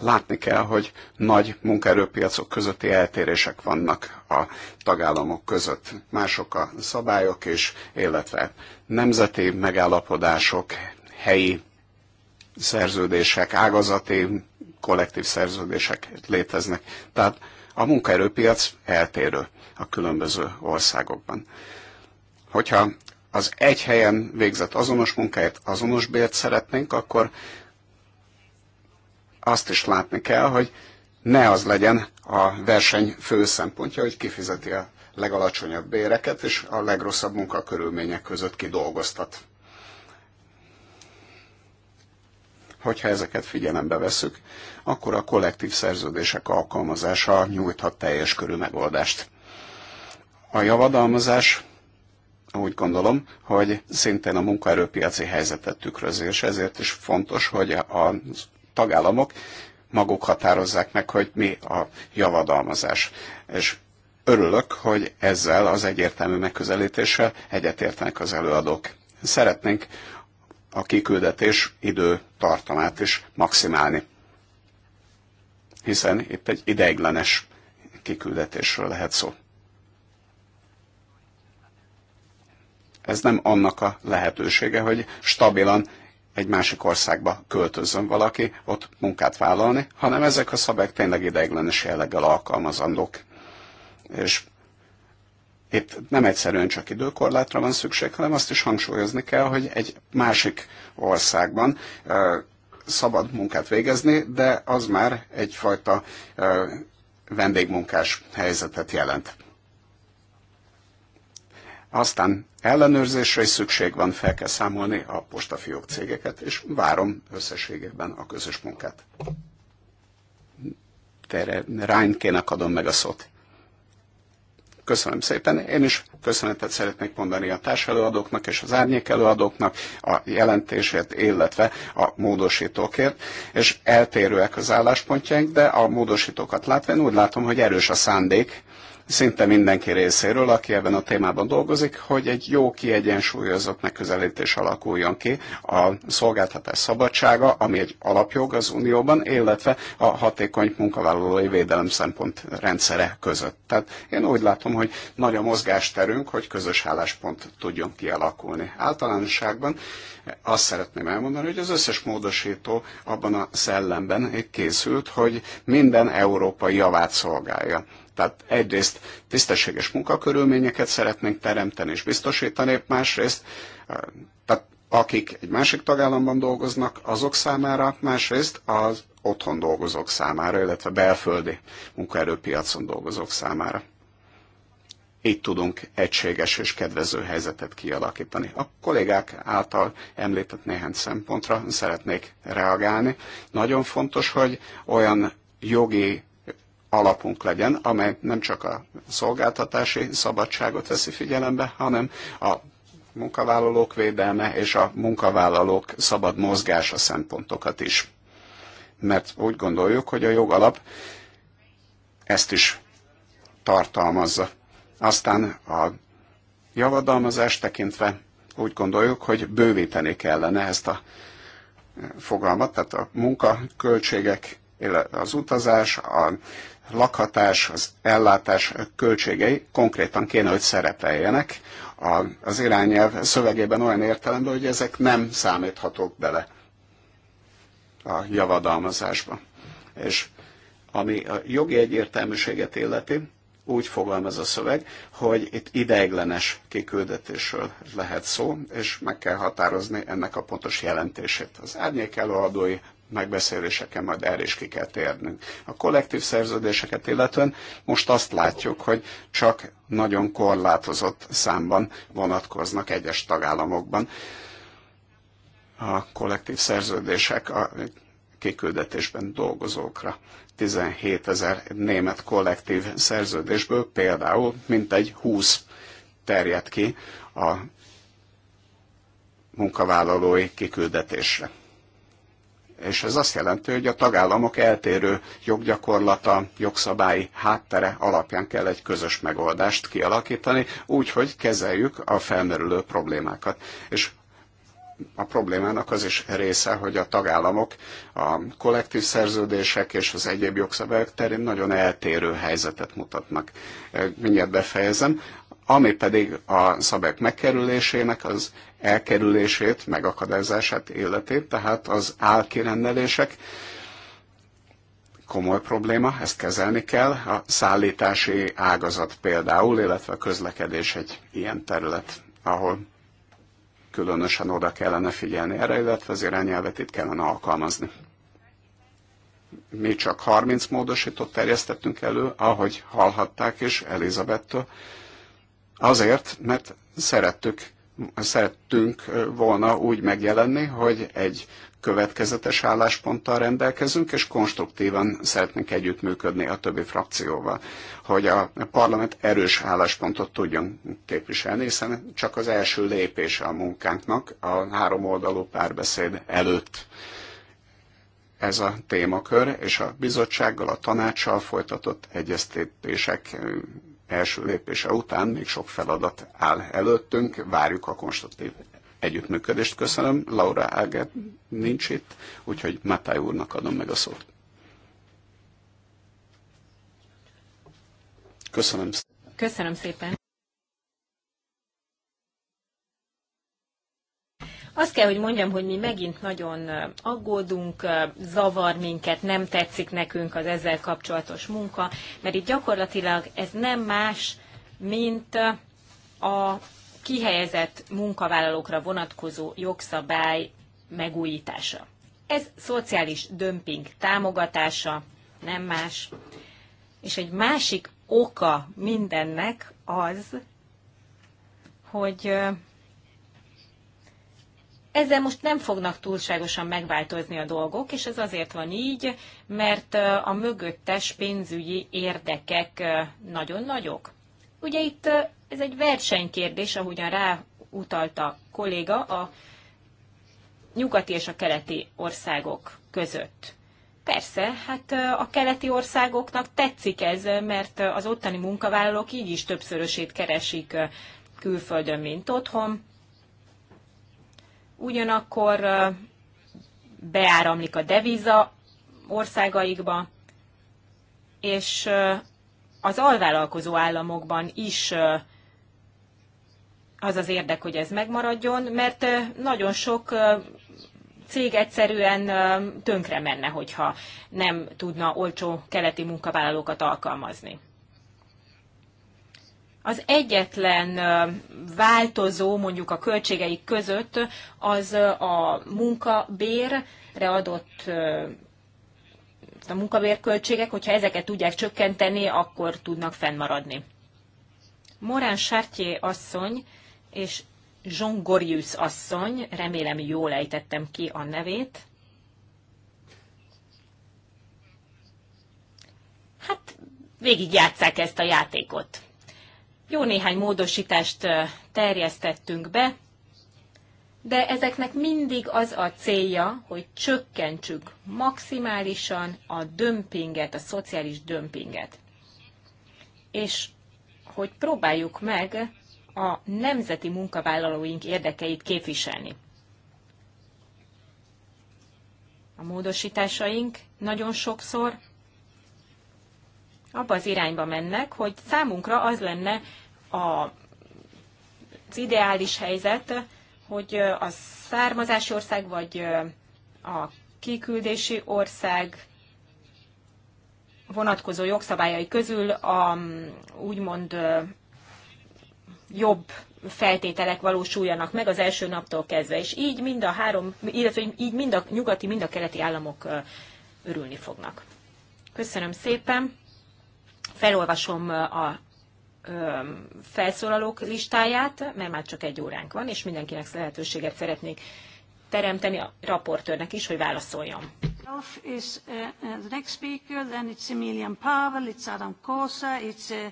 Látni kell, hogy nagy munkaerőpiacok közötti eltérések vannak a tagállamok között. Mások a szabályok is, illetve nemzeti megállapodások, helyi szerződések, ágazati, kollektív szerződések léteznek. Tehát a munkaerőpiac eltérő a különböző országokban. Hogyha az egy helyen végzett azonos munkáért azonos bért szeretnénk, akkor azt is látni kell, hogy ne az legyen a verseny fő szempontja, hogy kifizeti a legalacsonyabb béreket, és a legrosszabb munkakörülmények között kidolgoztat. Hogyha ezeket figyelembe veszük, akkor a kollektív szerződések alkalmazása nyújthat teljes körű megoldást. A javadalmazás úgy gondolom, hogy szintén a munkaerőpiaci helyzetet tükrözi, és ezért is fontos, hogy az tagállamok maguk határozzák meg, hogy mi a javadalmazás. És örülök, hogy ezzel az egyértelmű megközelítéssel egyetértenek az előadók. Szeretnénk a kiküldetés idő tartamát is maximálni. Hiszen itt egy ideiglenes kiküldetésről lehet szó. Ez nem annak a lehetősége, hogy stabilan egy másik országba költözzön valaki, ott munkát vállalni, hanem ezek a szabályok tényleg ideiglenes jelleggel alkalmazandók. És itt nem egyszerűen csak időkorlátra van szükség, hanem azt is hangsúlyozni kell, hogy egy másik országban szabad munkát végezni, de az már egyfajta vendégmunkás helyzetet jelent. Aztán ellenőrzésre is szükség van, fel kell számolni a postafiók cégeket, és várom összességében a közös munkát. Tere Reinkének adom meg a szót. Köszönöm szépen. Én is köszönetet szeretnék mondani a társelőadóknak és az árnyék előadóknak a jelentésért, illetve a módosítókért, és eltérőek az álláspontjaink, de a módosítókat látva én úgy látom, hogy erős a szándék, szinte mindenki részéről, aki ebben a témában dolgozik, hogy egy jó kiegyensúlyozott megközelítés alakuljon ki a szolgáltatás szabadsága, ami egy alapjog az Unióban, illetve a hatékony munkavállalói védelem szempont rendszere között. Tehát én úgy látom, hogy nagy a mozgásterünk, hogy közös álláspont tudjon kialakulni. Általánosságban azt szeretném elmondani, hogy az összes módosító abban a szellemben készült, hogy minden európai javát szolgálja tehát egyrészt tisztességes munkakörülményeket szeretnénk teremteni és biztosítani, másrészt eh, tehát akik egy másik tagállamban dolgoznak, azok számára, másrészt az otthon dolgozók számára, illetve belföldi munkaerőpiacon dolgozók számára. Így tudunk egységes és kedvező helyzetet kialakítani. A kollégák által említett néhány szempontra szeretnék reagálni. Nagyon fontos, hogy olyan jogi alapunk legyen, amely nem csak a szolgáltatási szabadságot veszi figyelembe, hanem a munkavállalók védelme és a munkavállalók szabad mozgása szempontokat is. Mert úgy gondoljuk, hogy a jogalap ezt is tartalmazza. Aztán a javadalmazást tekintve úgy gondoljuk, hogy bővíteni kellene ezt a fogalmat, tehát a munkaköltségek, az utazás, a lakhatás, az ellátás költségei konkrétan kéne, hogy szerepeljenek az irányelv szövegében olyan értelemben, hogy ezek nem számíthatók bele a javadalmazásba. És ami a jogi egyértelműséget illeti, úgy fogalmaz a szöveg, hogy itt ideiglenes kiküldetésről lehet szó, és meg kell határozni ennek a pontos jelentését. Az árnyék előadói megbeszéléseken majd erre is ki kell térnünk. A kollektív szerződéseket illetően most azt látjuk, hogy csak nagyon korlátozott számban vonatkoznak egyes tagállamokban a kollektív szerződések a kiküldetésben dolgozókra. 17 ezer német kollektív szerződésből például mintegy 20 terjed ki a munkavállalói kiküldetésre. És ez azt jelenti, hogy a tagállamok eltérő joggyakorlata, jogszabályi háttere alapján kell egy közös megoldást kialakítani, úgy, hogy kezeljük a felmerülő problémákat. És a problémának az is része, hogy a tagállamok a kollektív szerződések és az egyéb jogszabályok terén nagyon eltérő helyzetet mutatnak. Mindjárt befejezem. Ami pedig a szabályok megkerülésének az elkerülését, megakadályzását életét, tehát az álkirendelések komoly probléma, ezt kezelni kell. A szállítási ágazat például, illetve a közlekedés egy ilyen terület, ahol különösen oda kellene figyelni erre, illetve az irányelvet itt kellene alkalmazni. Mi csak 30 módosított terjesztettünk elő, ahogy hallhatták is Elizabettől, azért, mert szerettük szerettünk volna úgy megjelenni, hogy egy következetes állásponttal rendelkezünk, és konstruktívan szeretnénk együttműködni a többi frakcióval, hogy a parlament erős álláspontot tudjon képviselni, hiszen csak az első lépése a munkánknak a három oldalú párbeszéd előtt ez a témakör, és a bizottsággal, a tanácssal folytatott egyeztetések első lépése után még sok feladat áll előttünk, várjuk a konstruktív együttműködést. Köszönöm, Laura Áger nincs itt, úgyhogy Matály úrnak adom meg a szót. Köszönöm szépen. Köszönöm szépen. Azt kell, hogy mondjam, hogy mi megint nagyon aggódunk, zavar minket, nem tetszik nekünk az ezzel kapcsolatos munka, mert itt gyakorlatilag ez nem más, mint a kihelyezett munkavállalókra vonatkozó jogszabály megújítása. Ez szociális dömping támogatása, nem más. És egy másik oka mindennek az, hogy ezzel most nem fognak túlságosan megváltozni a dolgok, és ez azért van így, mert a mögöttes pénzügyi érdekek nagyon nagyok. Ugye itt ez egy versenykérdés, ahogyan ráutalta kolléga a nyugati és a keleti országok között. Persze, hát a keleti országoknak tetszik ez, mert az ottani munkavállalók így is többszörösét keresik külföldön, mint otthon, ugyanakkor beáramlik a deviza országaikba, és az alvállalkozó államokban is az az érdek, hogy ez megmaradjon, mert nagyon sok cég egyszerűen tönkre menne, hogyha nem tudna olcsó keleti munkavállalókat alkalmazni az egyetlen változó mondjuk a költségeik között az a munkabérre adott a munkabérköltségek, hogyha ezeket tudják csökkenteni, akkor tudnak fennmaradni. Morán Sartier asszony és Jean Gorius asszony, remélem jól ejtettem ki a nevét. Hát végig játsszák ezt a játékot. Jó néhány módosítást terjesztettünk be, de ezeknek mindig az a célja, hogy csökkentsük maximálisan a dömpinget, a szociális dömpinget. És hogy próbáljuk meg a nemzeti munkavállalóink érdekeit képviselni. A módosításaink nagyon sokszor abba az irányba mennek, hogy számunkra az lenne a, az ideális helyzet, hogy a származási ország vagy a kiküldési ország vonatkozó jogszabályai közül a úgymond jobb feltételek valósuljanak meg az első naptól kezdve, és így mind a három, illetve így mind a nyugati, mind a keleti államok örülni fognak. Köszönöm szépen! felolvasom a felszólalók listáját, mert már csak egy óránk van, és mindenkinek lehetőséget szeretnék teremteni a raportőrnek is, hogy válaszoljon. Off is uh, uh, the next speaker, then it's Emilian Pavel, it's Adam Kosa, it's uh,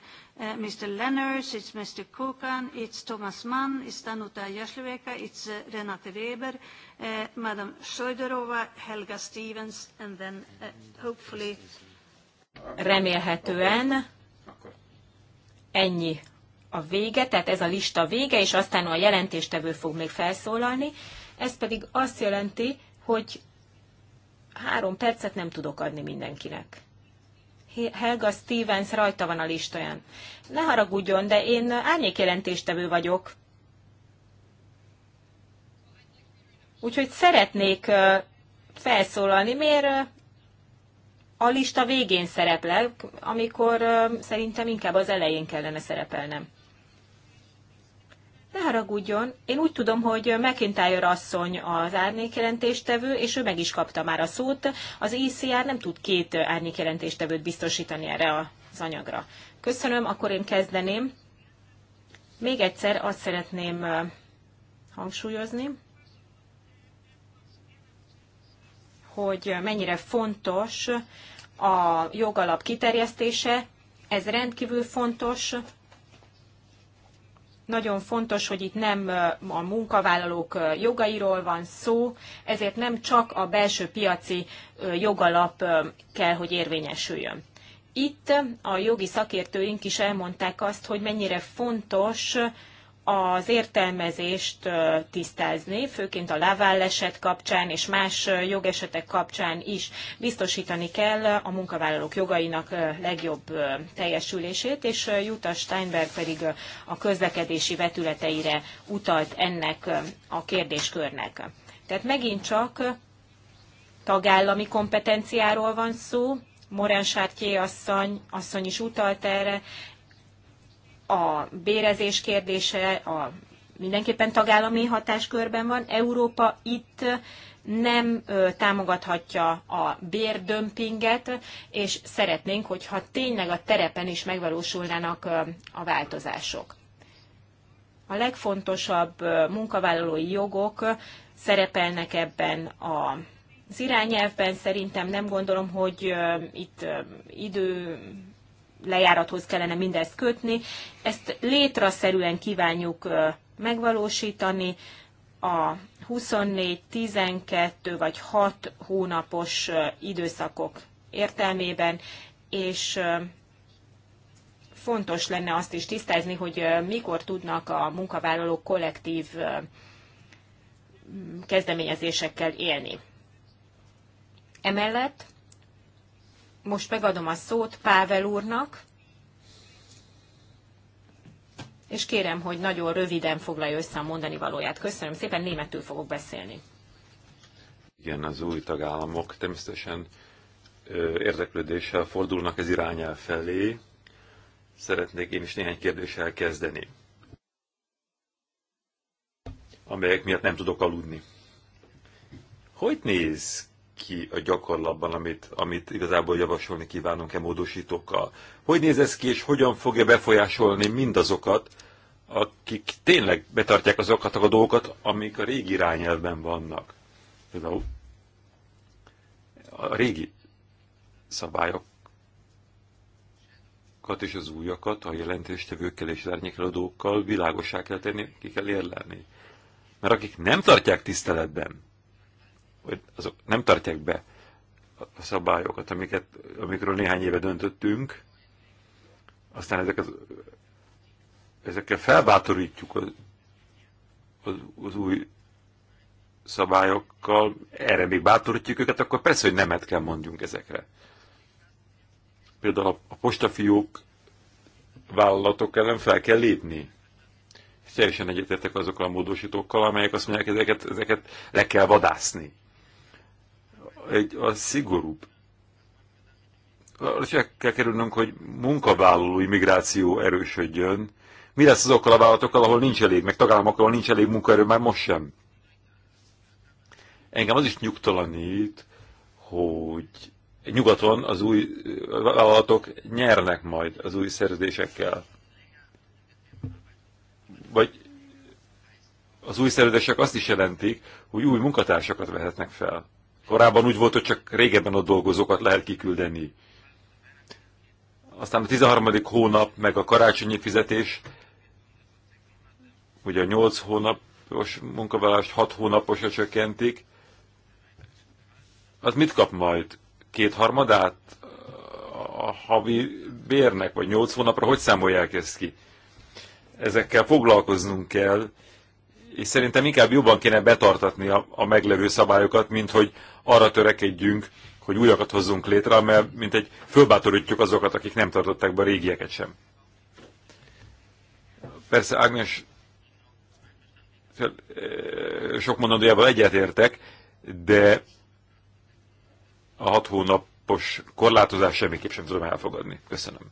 Mr. Lenners, it's Mr. Kukan, it's Thomas Mann, it's Danuta Jasleveka, it's Renate Weber, Madam Söderova, Helga Stevens, and then hopefully remélhetően ennyi a vége, tehát ez a lista vége, és aztán a jelentéstevő fog még felszólalni. Ez pedig azt jelenti, hogy három percet nem tudok adni mindenkinek. Helga Stevens rajta van a listáján. Ne haragudjon, de én jelentéstevő vagyok. Úgyhogy szeretnék felszólalni. Miért a lista végén szereplek, amikor szerintem inkább az elején kellene szerepelnem. Ne haragudjon, én úgy tudom, hogy McIntyre asszony az árnyékjelentéstevő, és ő meg is kapta már a szót. Az ICR e nem tud két árnyékjelentéstevőt biztosítani erre az anyagra. Köszönöm, akkor én kezdeném. Még egyszer azt szeretném hangsúlyozni, hogy mennyire fontos a jogalap kiterjesztése, ez rendkívül fontos. Nagyon fontos, hogy itt nem a munkavállalók jogairól van szó, ezért nem csak a belső piaci jogalap kell, hogy érvényesüljön. Itt a jogi szakértőink is elmondták azt, hogy mennyire fontos az értelmezést tisztázni, főként a Laval eset kapcsán és más jogesetek kapcsán is biztosítani kell a munkavállalók jogainak legjobb teljesülését, és Jutta Steinberg pedig a közlekedési vetületeire utalt ennek a kérdéskörnek. Tehát megint csak tagállami kompetenciáról van szó, Morán Sártyé asszony, asszony is utalt erre, a bérezés kérdése a mindenképpen tagállami hatáskörben van. Európa itt nem támogathatja a bérdömpinget, és szeretnénk, hogyha tényleg a terepen is megvalósulnának a változások. A legfontosabb munkavállalói jogok szerepelnek ebben a az irányelvben szerintem nem gondolom, hogy itt idő lejárathoz kellene mindezt kötni. Ezt létraszerűen kívánjuk megvalósítani a 24, 12 vagy 6 hónapos időszakok értelmében, és fontos lenne azt is tisztázni, hogy mikor tudnak a munkavállalók kollektív kezdeményezésekkel élni. Emellett most megadom a szót Pável úrnak, és kérem, hogy nagyon röviden foglalja össze a mondani valóját. Köszönöm szépen, németül fogok beszélni. Igen, az új tagállamok természetesen érdeklődéssel fordulnak ez irányel felé. Szeretnék én is néhány kérdéssel kezdeni, amelyek miatt nem tudok aludni. Hogy néz ki a gyakorlatban, amit, amit igazából javasolni kívánunk-e módosítókkal. Hogy néz ez ki, és hogyan fogja befolyásolni mindazokat, akik tényleg betartják azokat a dolgokat, amik a régi irányelvben vannak. Például a régi szabályokat és az újakat a jelentéstevőkkel és árnyékeladókkal világosá kell tenni, ki kell érlelni. Mert akik nem tartják tiszteletben hogy azok nem tartják be a szabályokat, amiket, amikről néhány éve döntöttünk, aztán ezek az, ezekkel felbátorítjuk az, az, az új szabályokkal, erre még bátorítjuk őket, akkor persze, hogy nemet kell mondjunk ezekre. Például a, a postafiók vállalatok ellen fel kell lépni. És teljesen egyetértek azokkal a módosítókkal, amelyek azt mondják, ezeket, ezeket le kell vadászni egy, a szigorúbb. Ha kell kerülnünk, hogy munkavállaló immigráció erősödjön. Mi lesz azokkal a vállalatokkal, ahol nincs elég, meg tagállamokkal, ahol nincs elég munkaerő, már most sem. Engem az is nyugtalanít, hogy nyugaton az új vállalatok nyernek majd az új szerződésekkel. Vagy az új szerződések azt is jelentik, hogy új munkatársakat vehetnek fel. Korábban úgy volt, hogy csak régebben a dolgozókat lehet kiküldeni. Aztán a 13. hónap, meg a karácsonyi fizetés, ugye a 8 hónapos munkavállást 6 hónaposra csökkentik, az mit kap majd? Kétharmadát a havi bérnek, vagy 8 hónapra? Hogy számolják ezt ki? Ezekkel foglalkoznunk kell, és szerintem inkább jobban kéne betartatni a, a meglevő szabályokat, mint hogy arra törekedjünk, hogy újakat hozzunk létre, mert mint egy fölbátorítjuk azokat, akik nem tartották be a régieket sem. Persze Ágnes sok mondandójával egyetértek, de a hat hónapos korlátozás semmiképp sem tudom elfogadni. Köszönöm.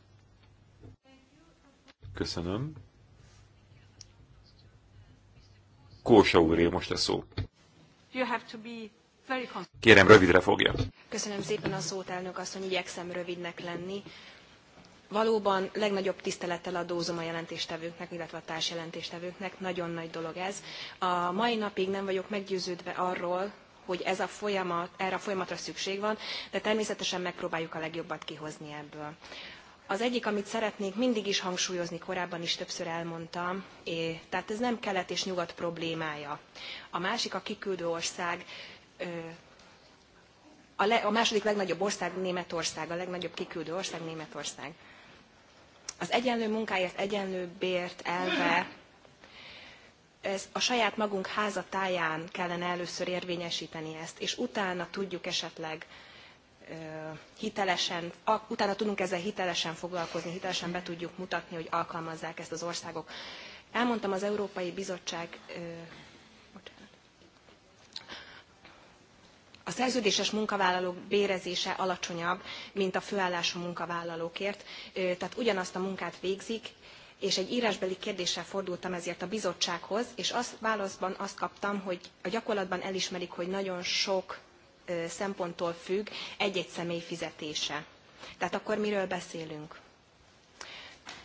Köszönöm. Kósa úré most a szó. Kérem, rövidre fogja. Köszönöm szépen a szót, elnök asszony, igyekszem rövidnek lenni. Valóban legnagyobb tisztelettel adózom a jelentéstevőknek, illetve a társjelentéstevőknek. Nagyon nagy dolog ez. A mai napig nem vagyok meggyőződve arról, hogy ez a folyamat, erre a folyamatra szükség van, de természetesen megpróbáljuk a legjobbat kihozni ebből. Az egyik, amit szeretnék, mindig is hangsúlyozni, korábban is többször elmondtam, é, tehát ez nem kelet és nyugat problémája. A másik, a kiküldő ország ö, a, le, a, második legnagyobb ország Németország, a legnagyobb kiküldő ország Németország. Az egyenlő munkáért egyenlő bért elve, ez a saját magunk háza táján kellene először érvényesíteni ezt, és utána tudjuk esetleg hitelesen, utána tudunk ezzel hitelesen foglalkozni, hitelesen be tudjuk mutatni, hogy alkalmazzák ezt az országok. Elmondtam az Európai Bizottság A szerződéses munkavállalók bérezése alacsonyabb, mint a főállású munkavállalókért, tehát ugyanazt a munkát végzik, és egy írásbeli kérdéssel fordultam ezért a bizottsághoz, és azt válaszban azt kaptam, hogy a gyakorlatban elismerik, hogy nagyon sok szemponttól függ egy-egy személy fizetése. Tehát akkor miről beszélünk?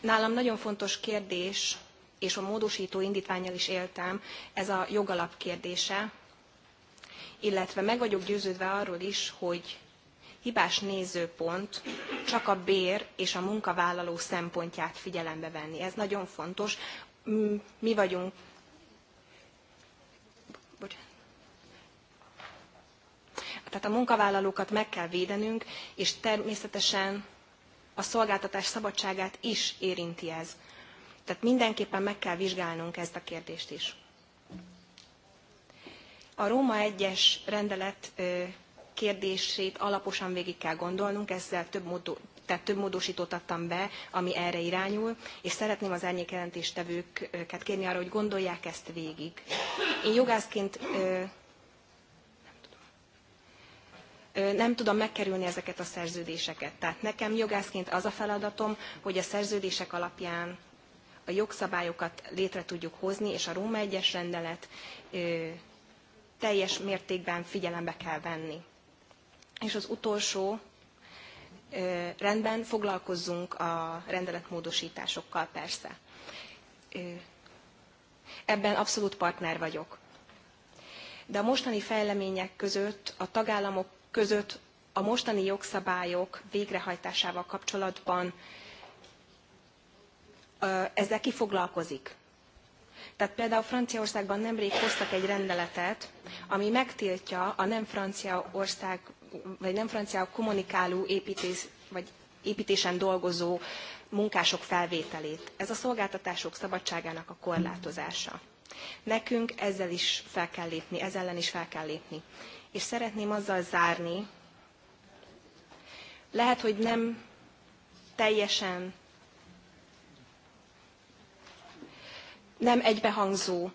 Nálam nagyon fontos kérdés, és a módosító indítványjal is éltem, ez a jogalap kérdése, illetve meg vagyok győződve arról is, hogy hibás nézőpont csak a bér és a munkavállaló szempontját figyelembe venni. Ez nagyon fontos. Mi vagyunk, bocsánat, tehát a munkavállalókat meg kell védenünk, és természetesen a szolgáltatás szabadságát is érinti ez. Tehát mindenképpen meg kell vizsgálnunk ezt a kérdést is. A Róma 1-es rendelet kérdését alaposan végig kell gondolnunk, ezzel több, módo, tehát több módosítót adtam be, ami erre irányul, és szeretném az árnyékjelentéstevőket kérni arra, hogy gondolják ezt végig. Én jogászként nem tudom megkerülni ezeket a szerződéseket. Tehát nekem jogászként az a feladatom, hogy a szerződések alapján a jogszabályokat létre tudjuk hozni, és a Róma egyes rendelet teljes mértékben figyelembe kell venni. És az utolsó rendben foglalkozzunk a rendeletmódosításokkal persze. Ebben abszolút partner vagyok. De a mostani fejlemények között a tagállamok között a mostani jogszabályok végrehajtásával kapcsolatban ezzel ki foglalkozik. Tehát például Franciaországban nemrég hoztak egy rendeletet, ami megtiltja a nem Franciaország, vagy nem francia kommunikáló építés, vagy építésen dolgozó munkások felvételét. Ez a szolgáltatások szabadságának a korlátozása. Nekünk ezzel is fel kell lépni, ezzel ellen is fel kell lépni és szeretném azzal zárni, lehet, hogy nem teljesen nem egybehangzó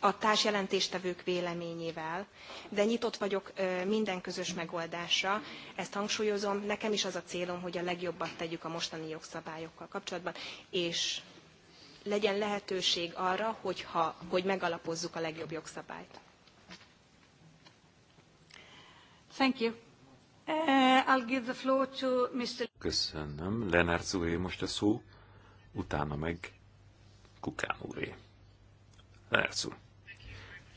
a társ jelentéstevők véleményével, de nyitott vagyok minden közös megoldásra. Ezt hangsúlyozom, nekem is az a célom, hogy a legjobbat tegyük a mostani jogszabályokkal kapcsolatban, és legyen lehetőség arra, hogyha, hogy megalapozzuk a legjobb jogszabályt. Thank you. Uh, I'll give the floor to Mr. Köszönöm. Lenárd Zúé most a szó, utána meg Kukán úré. Lenárd Zú.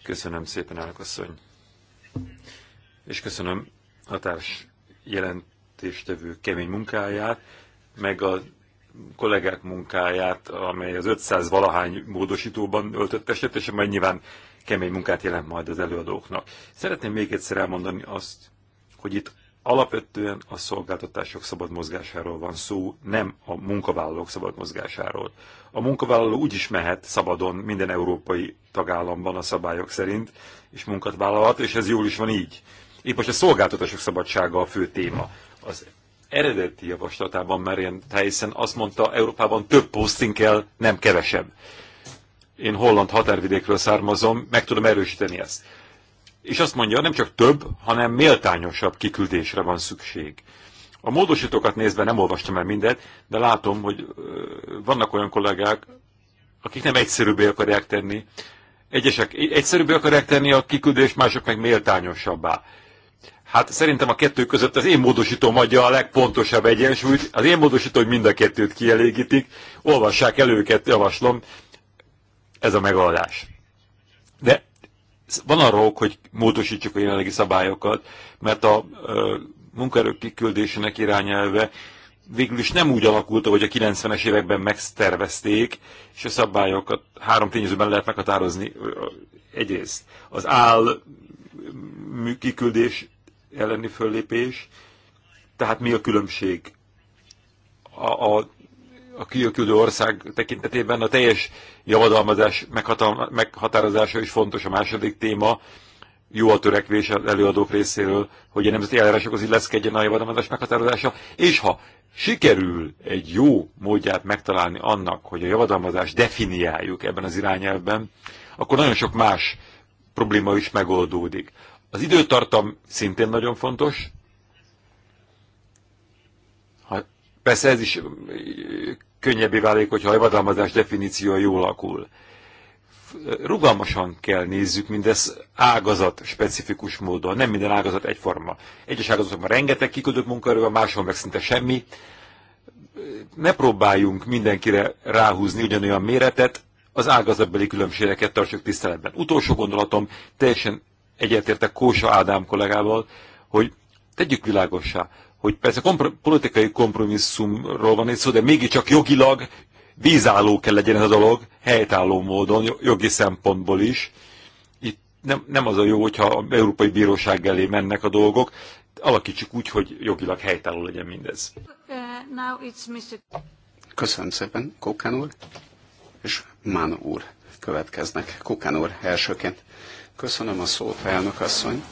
Köszönöm szépen, elnök asszony. És köszönöm a társ jelentéstevő kemény munkáját, meg a kollégák munkáját, amely az 500 valahány módosítóban öltött testet, és amely nyilván kemény munkát jelent majd az előadóknak. Szeretném még egyszer elmondani azt, hogy itt alapvetően a szolgáltatások szabad mozgásáról van szó, nem a munkavállalók szabad mozgásáról. A munkavállaló úgy is mehet szabadon minden európai tagállamban a szabályok szerint, és munkat vállalhat, és ez jól is van így. Épp most a szolgáltatások szabadsága a fő téma. Az eredeti javaslatában ilyen helyszín azt mondta, Európában több posztink kell, nem kevesebb én holland határvidékről származom, meg tudom erősíteni ezt. És azt mondja, nem csak több, hanem méltányosabb kiküldésre van szükség. A módosítókat nézve nem olvastam el mindet, de látom, hogy vannak olyan kollégák, akik nem egyszerűbbé akarják tenni. Egyesek egyszerűbbé akarják tenni a kiküldést, mások meg méltányosabbá. Hát szerintem a kettő között az én módosítóm adja a legpontosabb egyensúlyt. Az én módosító, hogy mind a kettőt kielégítik. Olvassák el őket, javaslom, ez a megoldás. De van arra ok, hogy módosítsuk a jelenlegi szabályokat, mert a munkaerők kiküldésének irányelve végül is nem úgy alakult, ahogy a 90-es években megtervezték, és a szabályokat három tényezőben lehet meghatározni. Egyrészt az áll kiküldés elleni föllépés, tehát mi a különbség a, a a kijöküldő ország tekintetében a teljes javadalmazás meghatározása is fontos. A második téma jó a törekvés az előadók részéről, hogy a nemzeti eljárásokhoz illeszkedjen a javadalmazás meghatározása, és ha sikerül egy jó módját megtalálni annak, hogy a javadalmazást definiáljuk ebben az irányelvben, akkor nagyon sok más probléma is megoldódik. Az időtartam szintén nagyon fontos. persze ez is könnyebbé válik, hogyha a javadalmazás definíciója jól alakul. Rugalmasan kell nézzük mindez ágazat specifikus módon, nem minden ágazat egyforma. Egyes ágazatokban rengeteg kikötött munkaerő, máshol meg szinte semmi. Ne próbáljunk mindenkire ráhúzni ugyanolyan méretet, az ágazatbeli különbségeket tartsuk tiszteletben. Utolsó gondolatom, teljesen egyetértek Kósa Ádám kollégával, hogy tegyük világossá, hogy persze kompr politikai kompromisszumról van itt szó, de mégiscsak jogilag vízálló kell legyen ez a dolog, helytálló módon, jogi szempontból is. Itt nem, nem az a jó, hogyha a Európai Bíróság elé mennek a dolgok, alakítsuk úgy, hogy jogilag helytálló legyen mindez. Köszönöm szépen, Kókán úr és Mán úr következnek. Kókán úr elsőként. Köszönöm a szót, elnök asszony.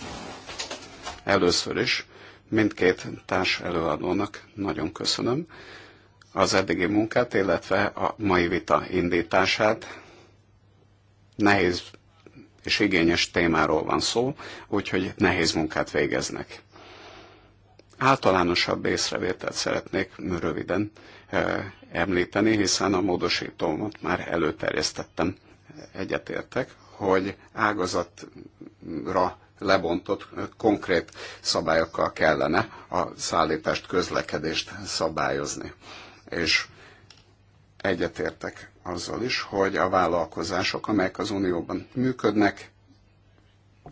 Először is Mindkét társ előadónak nagyon köszönöm az eddigi munkát, illetve a mai vita indítását. Nehéz és igényes témáról van szó, úgyhogy nehéz munkát végeznek. Általánosabb észrevételt szeretnék röviden eh, említeni, hiszen a módosítómat már előterjesztettem. Egyetértek, hogy ágazatra lebontott konkrét szabályokkal kellene a szállítást, közlekedést szabályozni. És egyetértek azzal is, hogy a vállalkozások, amelyek az Unióban működnek,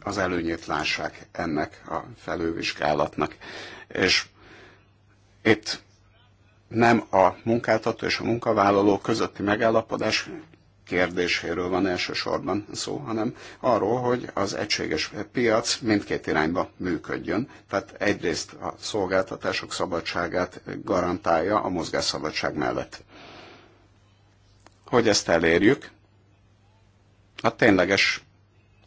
az előnyét lássák ennek a felővizsgálatnak. És itt nem a munkáltató és a munkavállaló közötti megállapodás kérdéséről van elsősorban szó, hanem arról, hogy az egységes piac mindkét irányba működjön. Tehát egyrészt a szolgáltatások szabadságát garantálja a mozgásszabadság mellett. Hogy ezt elérjük, a tényleges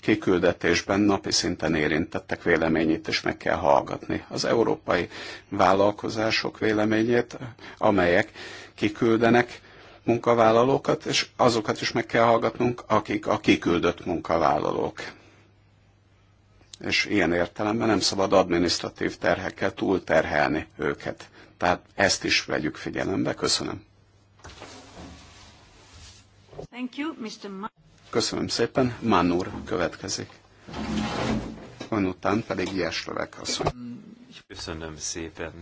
kiküldetésben napi szinten érintettek véleményét is meg kell hallgatni. Az európai vállalkozások véleményét, amelyek kiküldenek munkavállalókat, és azokat is meg kell hallgatnunk, akik a kiküldött munkavállalók. És ilyen értelemben nem szabad adminisztratív terhekkel túlterhelni őket. Tehát ezt is vegyük figyelembe. Köszönöm. Thank you, Mr. Ma Köszönöm szépen. Manur következik. Ön után pedig ilyes asszony. Köszönöm szépen.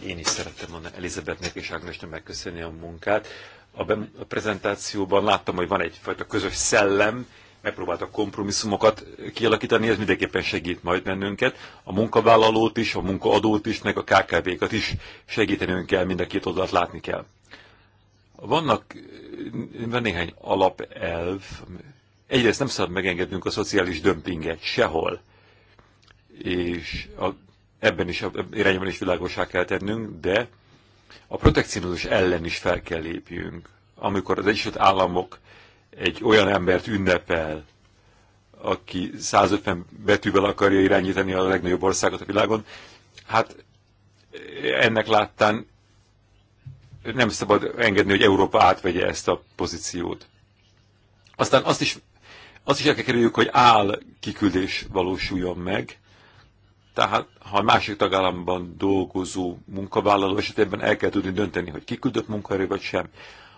Én is szerettem volna Elizabethnek és Ágnesnek megköszönni a munkát. A, be, a prezentációban láttam, hogy van egyfajta közös szellem, megpróbáltak kompromisszumokat kialakítani, ez mindenképpen segít majd bennünket. A munkavállalót is, a munkaadót is, meg a KKV-kat is segítenünk kell, mind a két oldalt látni kell. Vannak van néhány alapelv. Egyrészt nem szabad megengednünk a szociális dömpinget sehol. És a ebben is irányban is világosá kell tennünk, de a protekcionizmus ellen is fel kell lépjünk. Amikor az Egyesült Államok egy olyan embert ünnepel, aki 150 betűvel akarja irányítani a legnagyobb országot a világon, hát ennek láttán nem szabad engedni, hogy Európa átvegye ezt a pozíciót. Aztán azt is, azt is el kell kerüljük, hogy áll kiküldés valósuljon meg, tehát, ha a másik tagállamban dolgozó munkavállaló esetében el kell tudni dönteni, hogy kiküldött munkaerő vagy sem,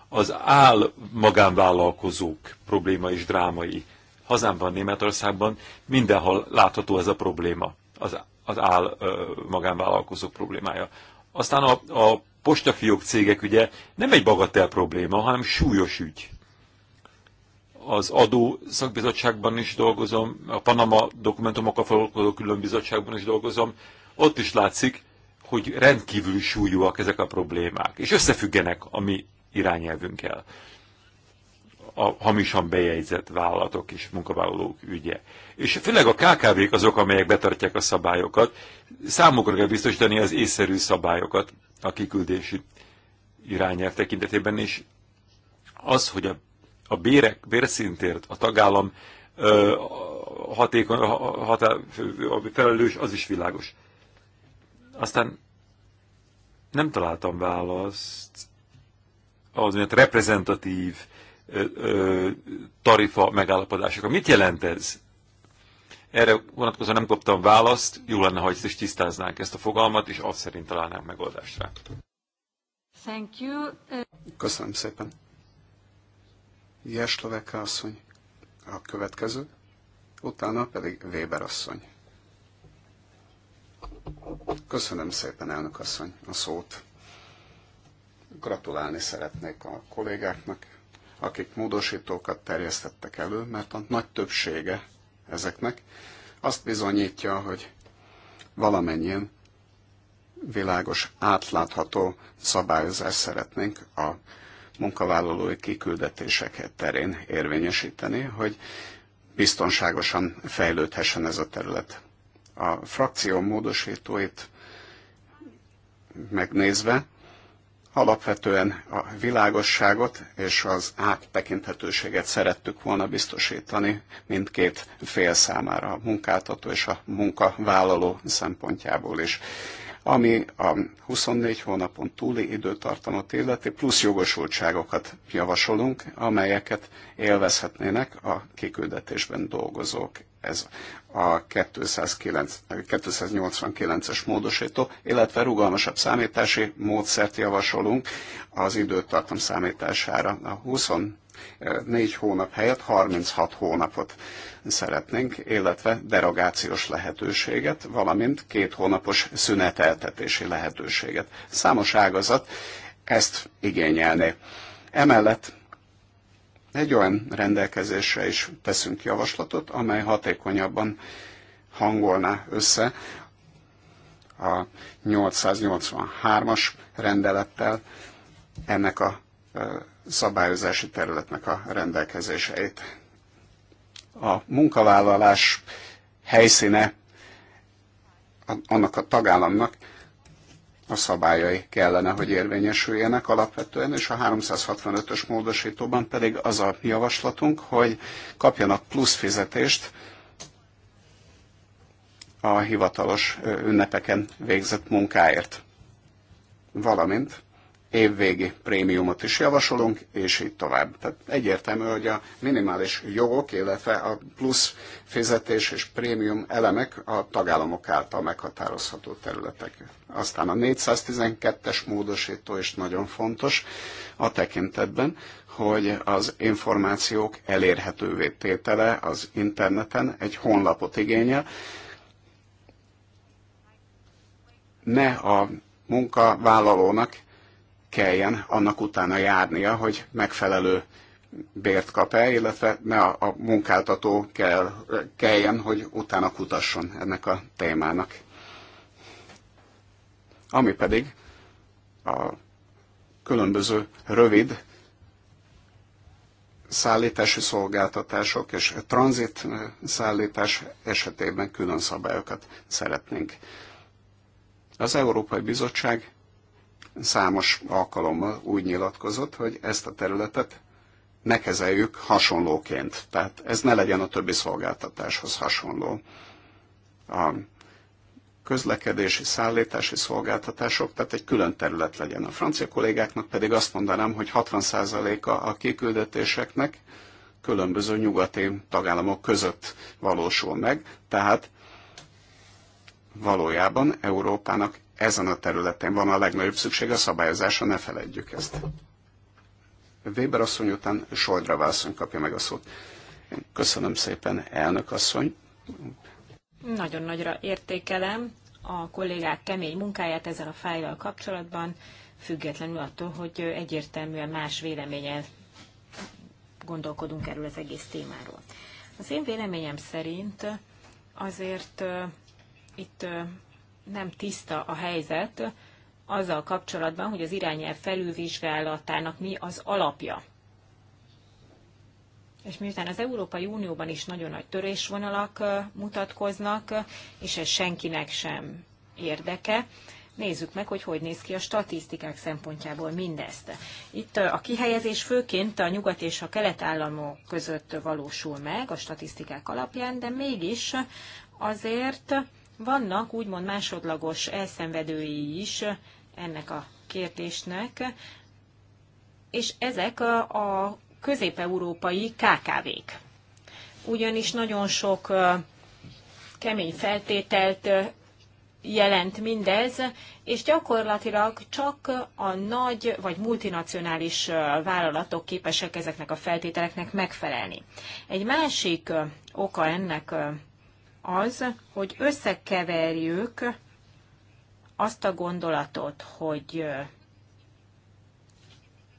az áll magánvállalkozók probléma és drámai. Hazámban, Németországban mindenhol látható ez a probléma, az, az áll ö, magánvállalkozók problémája. Aztán a, a postafiók cégek ugye nem egy bagatel probléma, hanem súlyos ügy az adó szakbizottságban is dolgozom, a Panama dokumentumokkal foglalkozó külön bizottságban is dolgozom, ott is látszik, hogy rendkívül súlyúak ezek a problémák, és összefüggenek a mi irányelvünkkel. A hamisan bejegyzett vállalatok és munkavállalók ügye. És főleg a KKV-k azok, amelyek betartják a szabályokat, számukra kell biztosítani az észszerű szabályokat a kiküldési irányelv tekintetében, és az, hogy a a bérek, bérszintért a tagállam ö, hatékony, hatá, felelős, az is világos. Aztán nem találtam választ az mert reprezentatív ö, ö, tarifa megállapodásokra. Mit jelent ez? Erre vonatkozóan nem kaptam választ, jó lenne, ha is tisztáznánk ezt a fogalmat, és azt szerint találnánk megoldást rá. Thank you. Köszönöm szépen. Jeslöveke asszony a következő, utána pedig Weber asszony. Köszönöm szépen, elnök asszony, a szót. Gratulálni szeretnék a kollégáknak, akik módosítókat terjesztettek elő, mert a nagy többsége ezeknek azt bizonyítja, hogy valamennyien világos, átlátható szabályozást szeretnénk a munkavállalói kiküldetéseket terén érvényesíteni, hogy biztonságosan fejlődhessen ez a terület. A frakció módosítóit megnézve alapvetően a világosságot és az áttekinthetőséget szerettük volna biztosítani mindkét fél számára, a munkáltató és a munkavállaló szempontjából is ami a 24 hónapon túli időtartamot illeti, plusz jogosultságokat javasolunk, amelyeket élvezhetnének a kiküldetésben dolgozók ez a 209, 289-es módosító, illetve rugalmasabb számítási módszert javasolunk az időtartam számítására. A 24 hónap helyett 36 hónapot szeretnénk, illetve derogációs lehetőséget, valamint két hónapos szüneteltetési lehetőséget. Számos ágazat ezt igényelné. Emellett egy olyan rendelkezésre is teszünk javaslatot, amely hatékonyabban hangolná össze a 883-as rendelettel ennek a szabályozási területnek a rendelkezéseit. A munkavállalás helyszíne annak a tagállamnak, a szabályai kellene, hogy érvényesüljenek alapvetően, és a 365-ös módosítóban pedig az a javaslatunk, hogy kapjanak plusz fizetést a hivatalos ünnepeken végzett munkáért. Valamint évvégi prémiumot is javasolunk, és így tovább. Tehát egyértelmű, hogy a minimális jogok, illetve a plusz fizetés és prémium elemek a tagállamok által meghatározható területek. Aztán a 412-es módosító is nagyon fontos a tekintetben, hogy az információk elérhetővé tétele az interneten egy honlapot igényel, ne a munkavállalónak kelljen annak utána járnia, hogy megfelelő bért kap-e, illetve ne a, a munkáltató kell, kelljen, hogy utána kutasson ennek a témának. Ami pedig a különböző rövid szállítási szolgáltatások és tranzit szállítás esetében külön szabályokat szeretnénk. Az Európai Bizottság számos alkalommal úgy nyilatkozott, hogy ezt a területet ne kezeljük hasonlóként. Tehát ez ne legyen a többi szolgáltatáshoz hasonló. A közlekedési, szállítási szolgáltatások, tehát egy külön terület legyen. A francia kollégáknak pedig azt mondanám, hogy 60%-a a kiküldetéseknek különböző nyugati tagállamok között valósul meg, tehát valójában Európának ezen a területen van a legnagyobb szükség a szabályozásra, ne feledjük ezt. Weber asszony után Soldra Vászony kapja meg a szót. Köszönöm szépen, elnök asszony. Nagyon nagyra értékelem a kollégák kemény munkáját ezzel a fájlal kapcsolatban, függetlenül attól, hogy egyértelműen más véleményel gondolkodunk erről az egész témáról. Az én véleményem szerint azért itt nem tiszta a helyzet azzal kapcsolatban, hogy az irányelv felülvizsgálatának mi az alapja. És miután az Európai Unióban is nagyon nagy törésvonalak mutatkoznak, és ez senkinek sem érdeke, nézzük meg, hogy hogy néz ki a statisztikák szempontjából mindezt. Itt a kihelyezés főként a nyugat és a kelet államok között valósul meg a statisztikák alapján, de mégis azért vannak úgymond másodlagos elszenvedői is ennek a kérdésnek, és ezek a, a közép-európai KKV-k. Ugyanis nagyon sok kemény feltételt jelent mindez, és gyakorlatilag csak a nagy vagy multinacionális vállalatok képesek ezeknek a feltételeknek megfelelni. Egy másik oka ennek az, hogy összekeverjük azt a gondolatot, hogy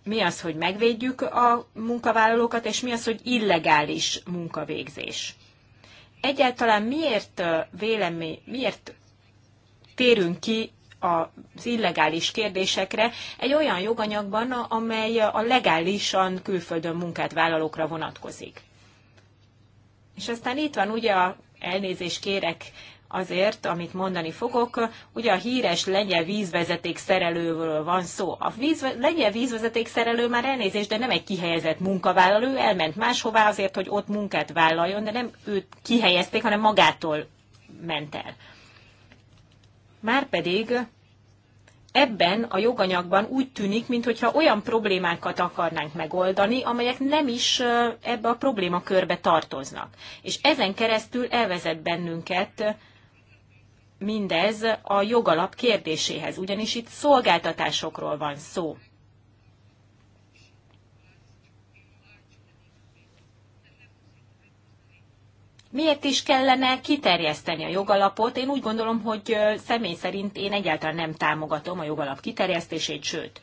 mi az, hogy megvédjük a munkavállalókat, és mi az, hogy illegális munkavégzés. Egyáltalán miért vélemény, miért térünk ki az illegális kérdésekre egy olyan joganyagban, amely a legálisan külföldön munkát vállalókra vonatkozik. És aztán itt van ugye a elnézést kérek azért, amit mondani fogok. Ugye a híres lengyel vízvezeték szerelőről van szó. A víz, lengyel vízvezeték szerelő már elnézést, de nem egy kihelyezett munkavállaló, elment máshová azért, hogy ott munkát vállaljon, de nem őt kihelyezték, hanem magától ment el. Márpedig ebben a joganyagban úgy tűnik, mintha olyan problémákat akarnánk megoldani, amelyek nem is ebbe a problémakörbe tartoznak. És ezen keresztül elvezet bennünket mindez a jogalap kérdéséhez, ugyanis itt szolgáltatásokról van szó. Miért is kellene kiterjeszteni a jogalapot? Én úgy gondolom, hogy személy szerint én egyáltalán nem támogatom a jogalap kiterjesztését, sőt.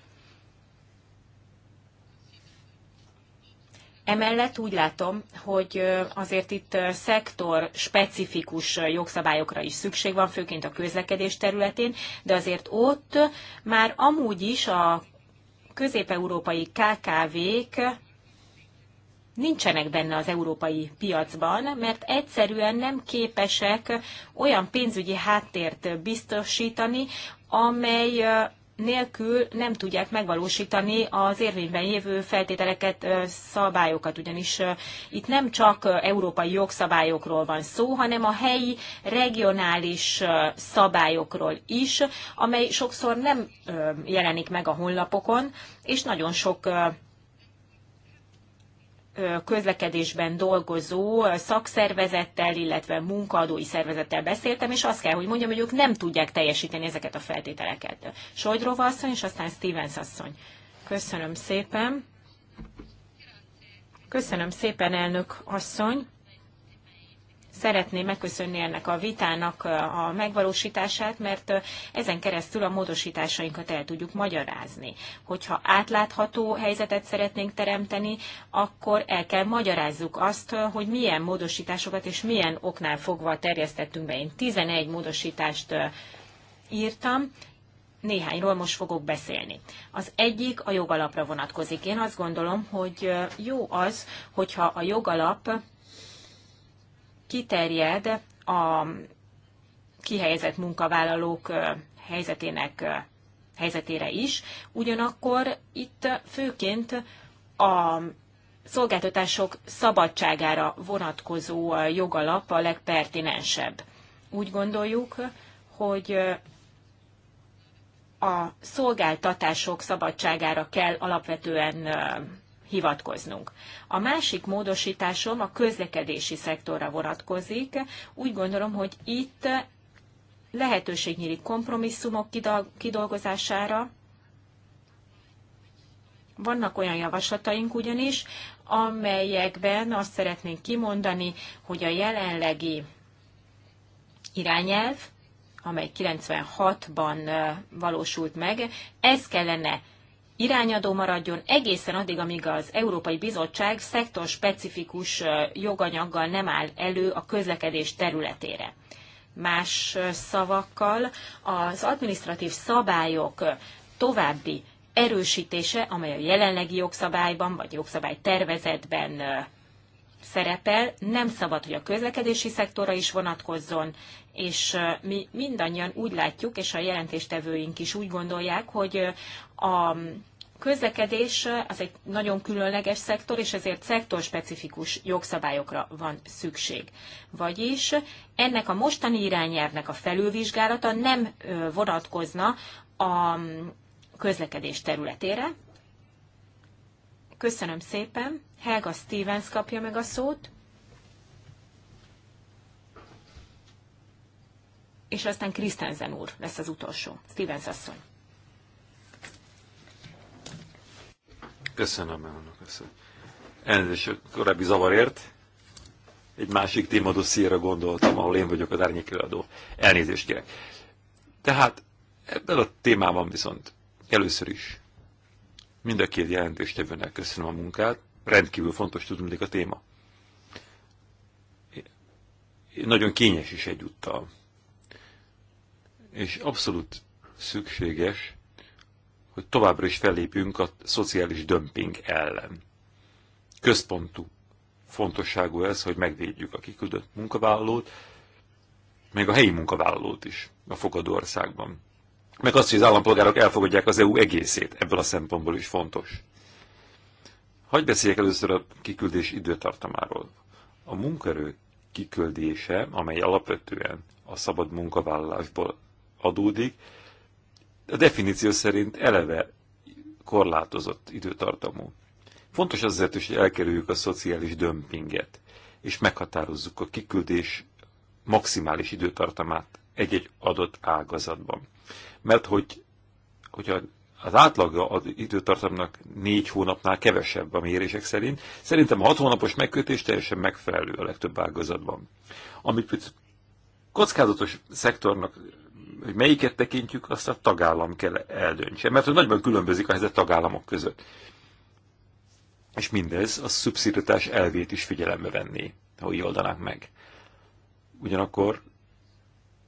Emellett úgy látom, hogy azért itt szektor specifikus jogszabályokra is szükség van, főként a közlekedés területén, de azért ott már amúgy is a közép-európai KKV-k nincsenek benne az európai piacban, mert egyszerűen nem képesek olyan pénzügyi háttért biztosítani, amely nélkül nem tudják megvalósítani az érvényben lévő feltételeket, szabályokat, ugyanis itt nem csak európai jogszabályokról van szó, hanem a helyi, regionális szabályokról is, amely sokszor nem jelenik meg a honlapokon, és nagyon sok közlekedésben dolgozó szakszervezettel, illetve munkaadói szervezettel beszéltem, és azt kell, hogy mondjam, hogy ők nem tudják teljesíteni ezeket a feltételeket. Sojdrova asszony, és aztán Stevens asszony. Köszönöm szépen. Köszönöm szépen, elnök asszony szeretném megköszönni ennek a vitának a megvalósítását, mert ezen keresztül a módosításainkat el tudjuk magyarázni. Hogyha átlátható helyzetet szeretnénk teremteni, akkor el kell magyarázzuk azt, hogy milyen módosításokat és milyen oknál fogva terjesztettünk be. Én 11 módosítást írtam, néhányról most fogok beszélni. Az egyik a jogalapra vonatkozik. Én azt gondolom, hogy jó az, hogyha a jogalap kiterjed a kihelyezett munkavállalók helyzetének helyzetére is. Ugyanakkor itt főként a szolgáltatások szabadságára vonatkozó jogalap a legpertinensebb. Úgy gondoljuk, hogy a szolgáltatások szabadságára kell alapvetően hivatkoznunk. A másik módosításom a közlekedési szektorra vonatkozik. Úgy gondolom, hogy itt lehetőség nyílik kompromisszumok kidolgozására. Vannak olyan javaslataink ugyanis, amelyekben azt szeretnénk kimondani, hogy a jelenlegi irányelv, amely 96-ban valósult meg, ez kellene irányadó maradjon egészen addig, amíg az Európai Bizottság szektorspecifikus joganyaggal nem áll elő a közlekedés területére. Más szavakkal az administratív szabályok további erősítése, amely a jelenlegi jogszabályban vagy jogszabálytervezetben szerepel, nem szabad, hogy a közlekedési szektorra is vonatkozzon, és mi mindannyian úgy látjuk, és a jelentéstevőink is úgy gondolják, hogy a közlekedés az egy nagyon különleges szektor, és ezért szektorspecifikus jogszabályokra van szükség. Vagyis ennek a mostani irányelvnek a felülvizsgálata nem vonatkozna a közlekedés területére. Köszönöm szépen. Helga Stevens kapja meg a szót. és aztán Krisztenzen úr lesz az utolsó. Stevens asszony. Köszönöm, elnök asszony. Elnézést a korábbi zavarért. Egy másik témadosszíra gondoltam, ahol én vagyok az árnyékiradó. Elnézést kérek. Tehát ebben a témában viszont először is mind a két jelentéstevőnek köszönöm a munkát. Rendkívül fontos tudni a téma. Nagyon kényes is egyúttal és abszolút szükséges, hogy továbbra is fellépjünk a szociális dömping ellen. Központú fontosságú ez, hogy megvédjük a kiküldött munkavállalót, még a helyi munkavállalót is a fogadó országban. Meg azt, hogy az állampolgárok elfogadják az EU egészét, ebből a szempontból is fontos. Hagy beszéljek először a kiküldés időtartamáról. A munkaerő kiküldése, amely alapvetően a szabad munkavállalásból adódik, a definíció szerint eleve korlátozott időtartamú. Fontos azért is, hogy elkerüljük a szociális dömpinget, és meghatározzuk a kiküldés maximális időtartamát egy-egy adott ágazatban. Mert hogy, hogyha az átlag az időtartamnak négy hónapnál kevesebb a mérések szerint, szerintem a hat hónapos megkötés teljesen megfelelő a legtöbb ágazatban. Amit kockázatos szektornak hogy melyiket tekintjük, azt a tagállam kell eldöntse, mert hogy nagyban különbözik a helyzet tagállamok között. És mindez a szubszidiaritás elvét is figyelembe venni, ha úgy oldanák meg. Ugyanakkor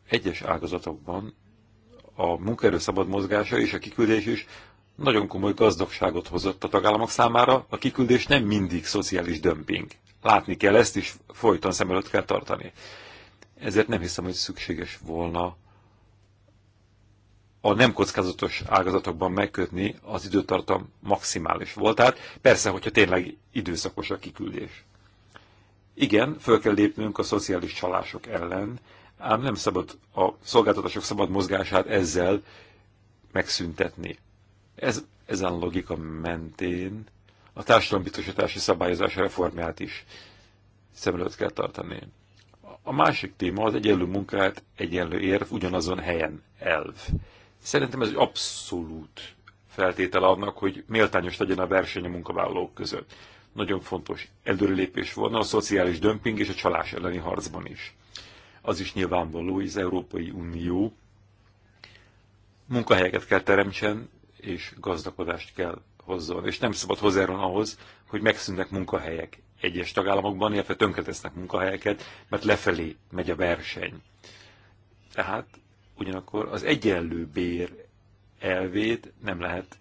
egyes ágazatokban a munkaerő szabad mozgása és a kiküldés is nagyon komoly gazdagságot hozott a tagállamok számára, a kiküldés nem mindig szociális dömping. Látni kell ezt is, folyton szem előtt kell tartani. Ezért nem hiszem, hogy szükséges volna a nem kockázatos ágazatokban megkötni az időtartam maximális volt, Tehát persze, hogyha tényleg időszakos a kiküldés. Igen, föl kell lépnünk a szociális csalások ellen, ám nem szabad a szolgáltatások szabad mozgását ezzel megszüntetni. Ez, ezen logika mentén a társadalombiztosítási szabályozás reformját is szem előtt kell tartani. A másik téma az egyenlő munkát, egyenlő érv, ugyanazon helyen elv. Szerintem ez egy abszolút feltétele annak, hogy méltányos legyen a verseny a munkavállalók között. Nagyon fontos előrelépés volna a szociális dömping és a csalás elleni harcban is. Az is nyilvánvaló, hogy az Európai Unió munkahelyeket kell teremtsen, és gazdagodást kell hozzon. És nem szabad hozzájárulni ahhoz, hogy megszűnnek munkahelyek egyes tagállamokban, illetve tönkretesznek munkahelyeket, mert lefelé megy a verseny. Tehát Ugyanakkor az egyenlő bér elvét nem lehet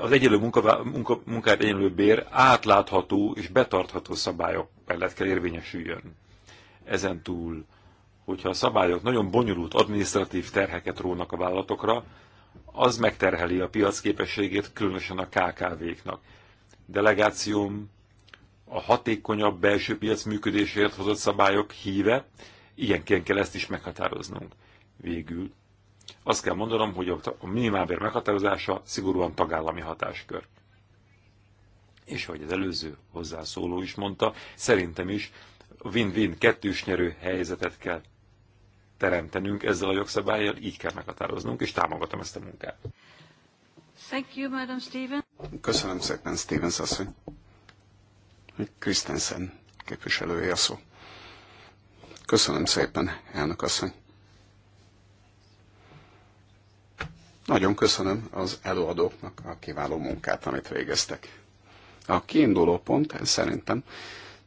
az egyenlő munka, munka, munkát egyenlő bér átlátható és betartható szabályok mellett kell érvényesüljön. Ezen túl, hogyha a szabályok nagyon bonyolult adminisztratív terheket rónak a vállalatokra, az megterheli a piac képességét, különösen a KKV-knak. Delegációm a hatékonyabb belső piac működéséért hozott szabályok híve, ilyenként kell ezt is meghatároznunk. Végül azt kell mondanom, hogy a minimálbér meghatározása szigorúan tagállami hatáskör. És ahogy az előző hozzászóló is mondta, szerintem is win-win kettős nyerő helyzetet kell teremtenünk ezzel a jogszabályjal, így kell meghatároznunk, és támogatom ezt a munkát. Thank you, Madam Stevens. Köszönöm szépen, Stevens asszony. Krisztensen képviselője a szó. Köszönöm szépen, elnök asszony. Nagyon köszönöm az előadóknak a kiváló munkát, amit végeztek. A kiinduló pont szerintem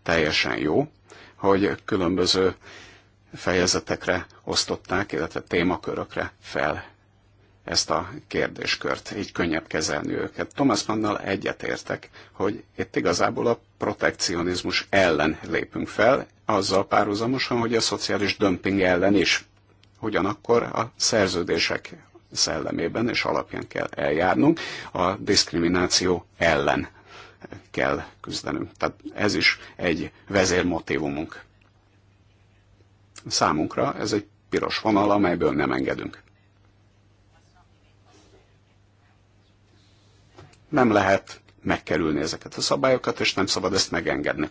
teljesen jó, hogy különböző fejezetekre osztották, illetve témakörökre fel ezt a kérdéskört, így könnyebb kezelni őket. Thomas Mannnal egyetértek, hogy itt igazából a protekcionizmus ellen lépünk fel, azzal párhuzamosan, hogy a szociális dömping ellen is. Ugyanakkor a szerződések szellemében és alapján kell eljárnunk, a diszkrimináció ellen kell küzdenünk. Tehát ez is egy vezérmotívumunk. Számunkra ez egy piros vonal, amelyből nem engedünk. nem lehet megkerülni ezeket a szabályokat, és nem szabad ezt megengedni.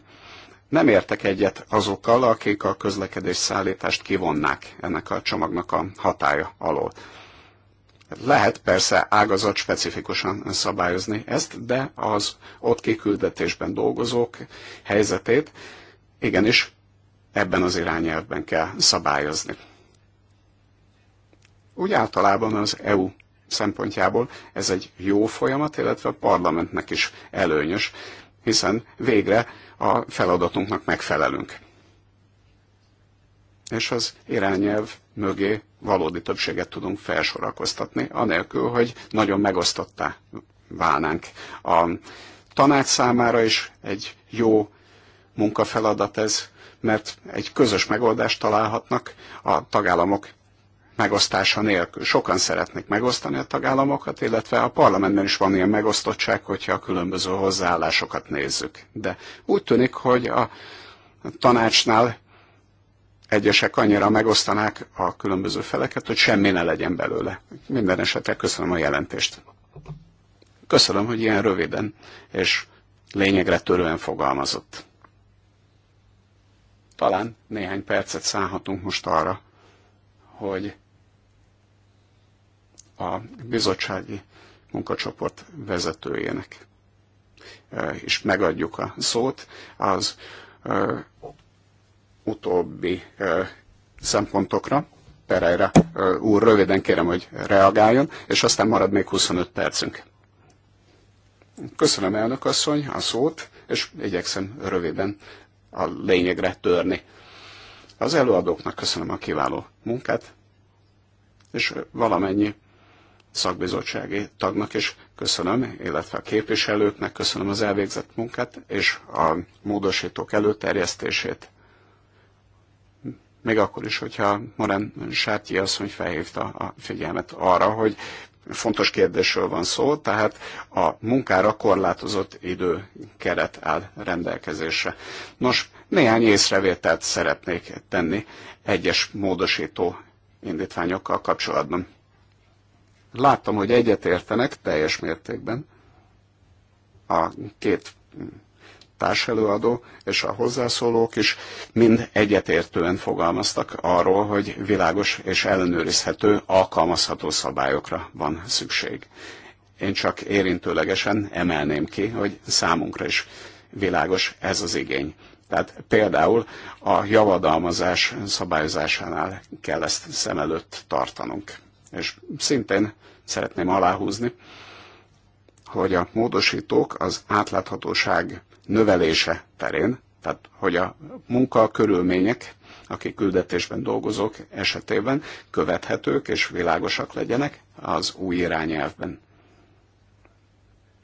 Nem értek egyet azokkal, akik a közlekedés szállítást kivonnák ennek a csomagnak a hatája alól. Lehet persze ágazat specifikusan szabályozni ezt, de az ott kiküldetésben dolgozók helyzetét igenis ebben az irányelvben kell szabályozni. Úgy általában az EU szempontjából ez egy jó folyamat, illetve a parlamentnek is előnyös, hiszen végre a feladatunknak megfelelünk. És az irányelv mögé valódi többséget tudunk felsorakoztatni, anélkül, hogy nagyon megosztottá válnánk. A tanács számára is egy jó munkafeladat ez, mert egy közös megoldást találhatnak a tagállamok megosztása nélkül. Sokan szeretnék megosztani a tagállamokat, illetve a parlamentben is van ilyen megosztottság, hogyha a különböző hozzáállásokat nézzük. De úgy tűnik, hogy a tanácsnál egyesek annyira megosztanák a különböző feleket, hogy semmi ne legyen belőle. Minden esetre köszönöm a jelentést. Köszönöm, hogy ilyen röviden és lényegre törően fogalmazott. Talán néhány percet szállhatunk most arra, hogy a bizottsági munkacsoport vezetőjének és megadjuk a szót. Az utóbbi szempontokra. Pereira úr, röviden kérem, hogy reagáljon, és aztán marad még 25 percünk. Köszönöm, elnök asszony, a szót, és igyekszem röviden a lényegre törni. Az előadóknak köszönöm a kiváló munkát, és valamennyi szakbizottsági tagnak is köszönöm, illetve a képviselőknek köszönöm az elvégzett munkát és a módosítók előterjesztését. Még akkor is, hogyha Morán Sátyi asszony felhívta a figyelmet arra, hogy fontos kérdésről van szó, tehát a munkára korlátozott idő keret áll rendelkezésre. Nos, néhány észrevételt szeretnék tenni egyes módosító indítványokkal kapcsolatban Láttam, hogy egyetértenek teljes mértékben a két társelőadó és a hozzászólók is mind egyetértően fogalmaztak arról, hogy világos és ellenőrizhető, alkalmazható szabályokra van szükség. Én csak érintőlegesen emelném ki, hogy számunkra is világos ez az igény. Tehát például a javadalmazás szabályozásánál kell ezt szem előtt tartanunk. És szintén szeretném aláhúzni, hogy a módosítók az átláthatóság növelése terén, tehát hogy a munka körülmények, akik küldetésben dolgozók esetében követhetők és világosak legyenek az új irányelvben.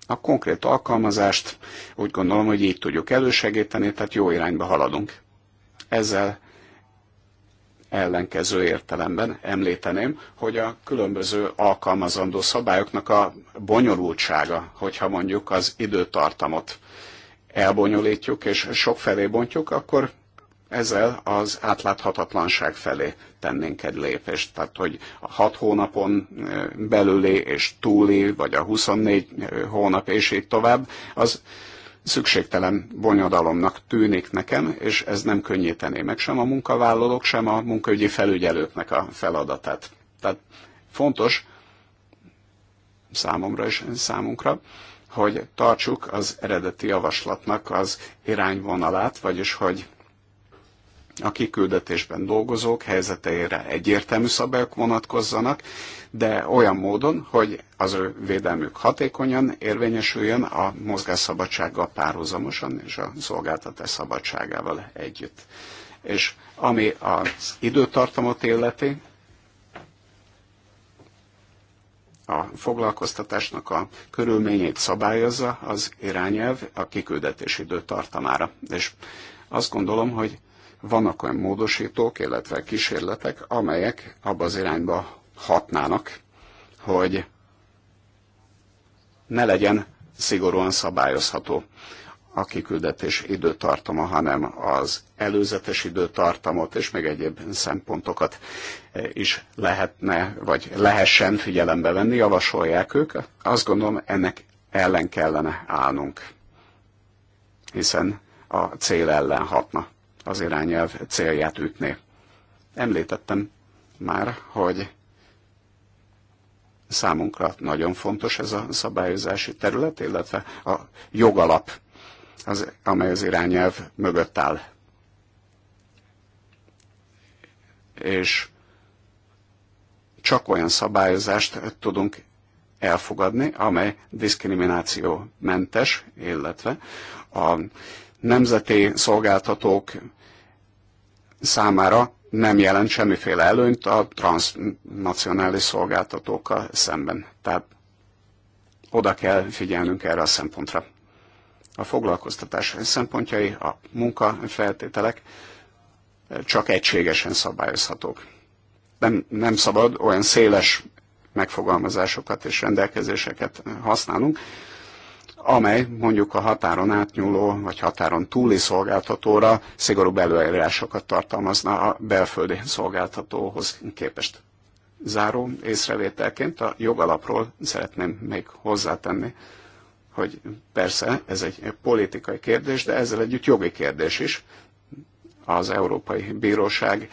A konkrét alkalmazást úgy gondolom, hogy így tudjuk elősegíteni, tehát jó irányba haladunk. Ezzel ellenkező értelemben említeném, hogy a különböző alkalmazandó szabályoknak a bonyolultsága, hogyha mondjuk az időtartamot elbonyolítjuk és sokfelé bontjuk, akkor ezzel az átláthatatlanság felé tennénk egy lépést. Tehát, hogy a 6 hónapon eh, belüli és túli, vagy a 24 eh, hónap és így tovább, az szükségtelen bonyodalomnak tűnik nekem, és ez nem könnyítené meg sem a munkavállalók, sem a munkaügyi felügyelőknek a feladatát. Tehát fontos számomra és számunkra, hogy tartsuk az eredeti javaslatnak az irányvonalát, vagyis hogy a kiküldetésben dolgozók helyzeteire egyértelmű szabályok vonatkozzanak, de olyan módon, hogy az ő védelmük hatékonyan érvényesüljön a mozgásszabadsággal párhuzamosan és a szolgáltatás szabadságával együtt. És ami az időtartamot illeti, a foglalkoztatásnak a körülményét szabályozza az irányelv a kiküldetés időtartamára. És azt gondolom, hogy vannak olyan módosítók, illetve kísérletek, amelyek abba az irányba hatnának, hogy ne legyen szigorúan szabályozható a kiküldetés időtartama, hanem az előzetes időtartamot és még egyéb szempontokat eh, is lehetne, vagy lehessen figyelembe venni, javasolják ők. Azt gondolom, ennek ellen kellene állnunk, hiszen a cél ellen hatna az irányelv célját ütné. Említettem már, hogy számunkra nagyon fontos ez a szabályozási terület, illetve a jogalap, az, amely az irányelv mögött áll. És csak olyan szabályozást tudunk elfogadni, amely diszkriminációmentes, illetve a nemzeti szolgáltatók számára nem jelent semmiféle előnyt a transnacionális szolgáltatókkal szemben. Tehát oda kell figyelnünk erre a szempontra. A foglalkoztatás szempontjai, a munkafeltételek csak egységesen szabályozhatók. Nem, nem szabad olyan széles megfogalmazásokat és rendelkezéseket használnunk, amely mondjuk a határon átnyúló vagy határon túli szolgáltatóra szigorúbb előírásokat tartalmazna a belföldi szolgáltatóhoz képest. Záró észrevételként a jogalapról szeretném még hozzátenni, hogy persze ez egy politikai kérdés, de ezzel együtt jogi kérdés is. Az Európai Bíróság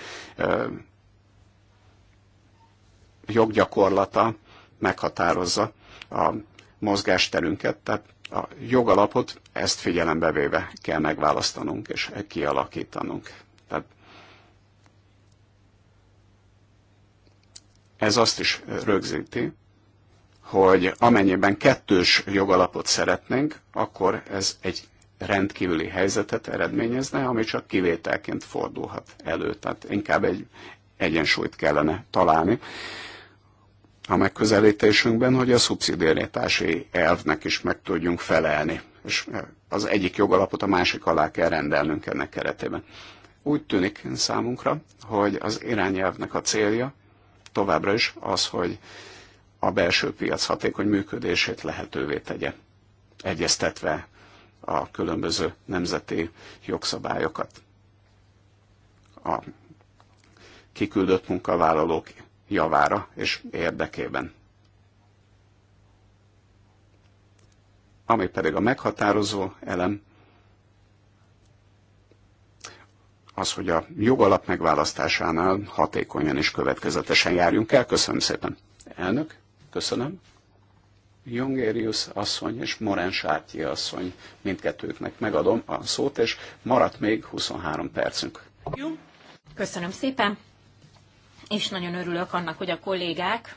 joggyakorlata meghatározza a mozgásterünket, tehát a jogalapot ezt figyelembe véve kell megválasztanunk és kialakítanunk. Tehát ez azt is rögzíti, hogy amennyiben kettős jogalapot szeretnénk, akkor ez egy rendkívüli helyzetet eredményezne, ami csak kivételként fordulhat elő. Tehát inkább egy egyensúlyt kellene találni a megközelítésünkben, hogy a szubszidiaritási elvnek is meg tudjunk felelni, és az egyik jogalapot a másik alá kell rendelnünk ennek keretében. Úgy tűnik számunkra, hogy az irányelvnek a célja továbbra is az, hogy a belső piac hatékony működését lehetővé tegye, egyeztetve a különböző nemzeti jogszabályokat. A kiküldött munkavállalók javára és érdekében. Ami pedig a meghatározó elem, az, hogy a jogalap megválasztásánál hatékonyan és következetesen járjunk el. Köszönöm szépen. Elnök, köszönöm. Jongérius asszony és Morán Sártyi asszony mindkettőknek megadom a szót, és maradt még 23 percünk. Köszönöm szépen és nagyon örülök annak, hogy a kollégák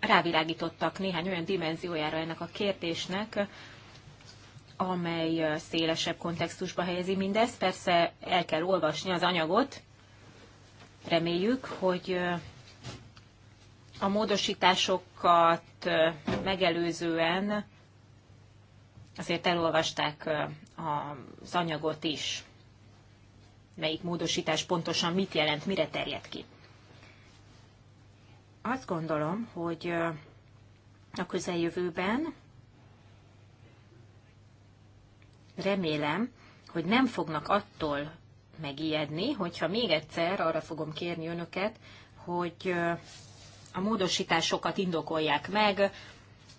rávilágítottak néhány olyan dimenziójára ennek a kérdésnek, amely szélesebb kontextusba helyezi mindezt. Persze el kell olvasni az anyagot, reméljük, hogy a módosításokat megelőzően azért elolvasták az anyagot is melyik módosítás pontosan mit jelent, mire terjed ki. Azt gondolom, hogy a közeljövőben remélem, hogy nem fognak attól megijedni, hogyha még egyszer arra fogom kérni önöket, hogy a módosításokat indokolják meg,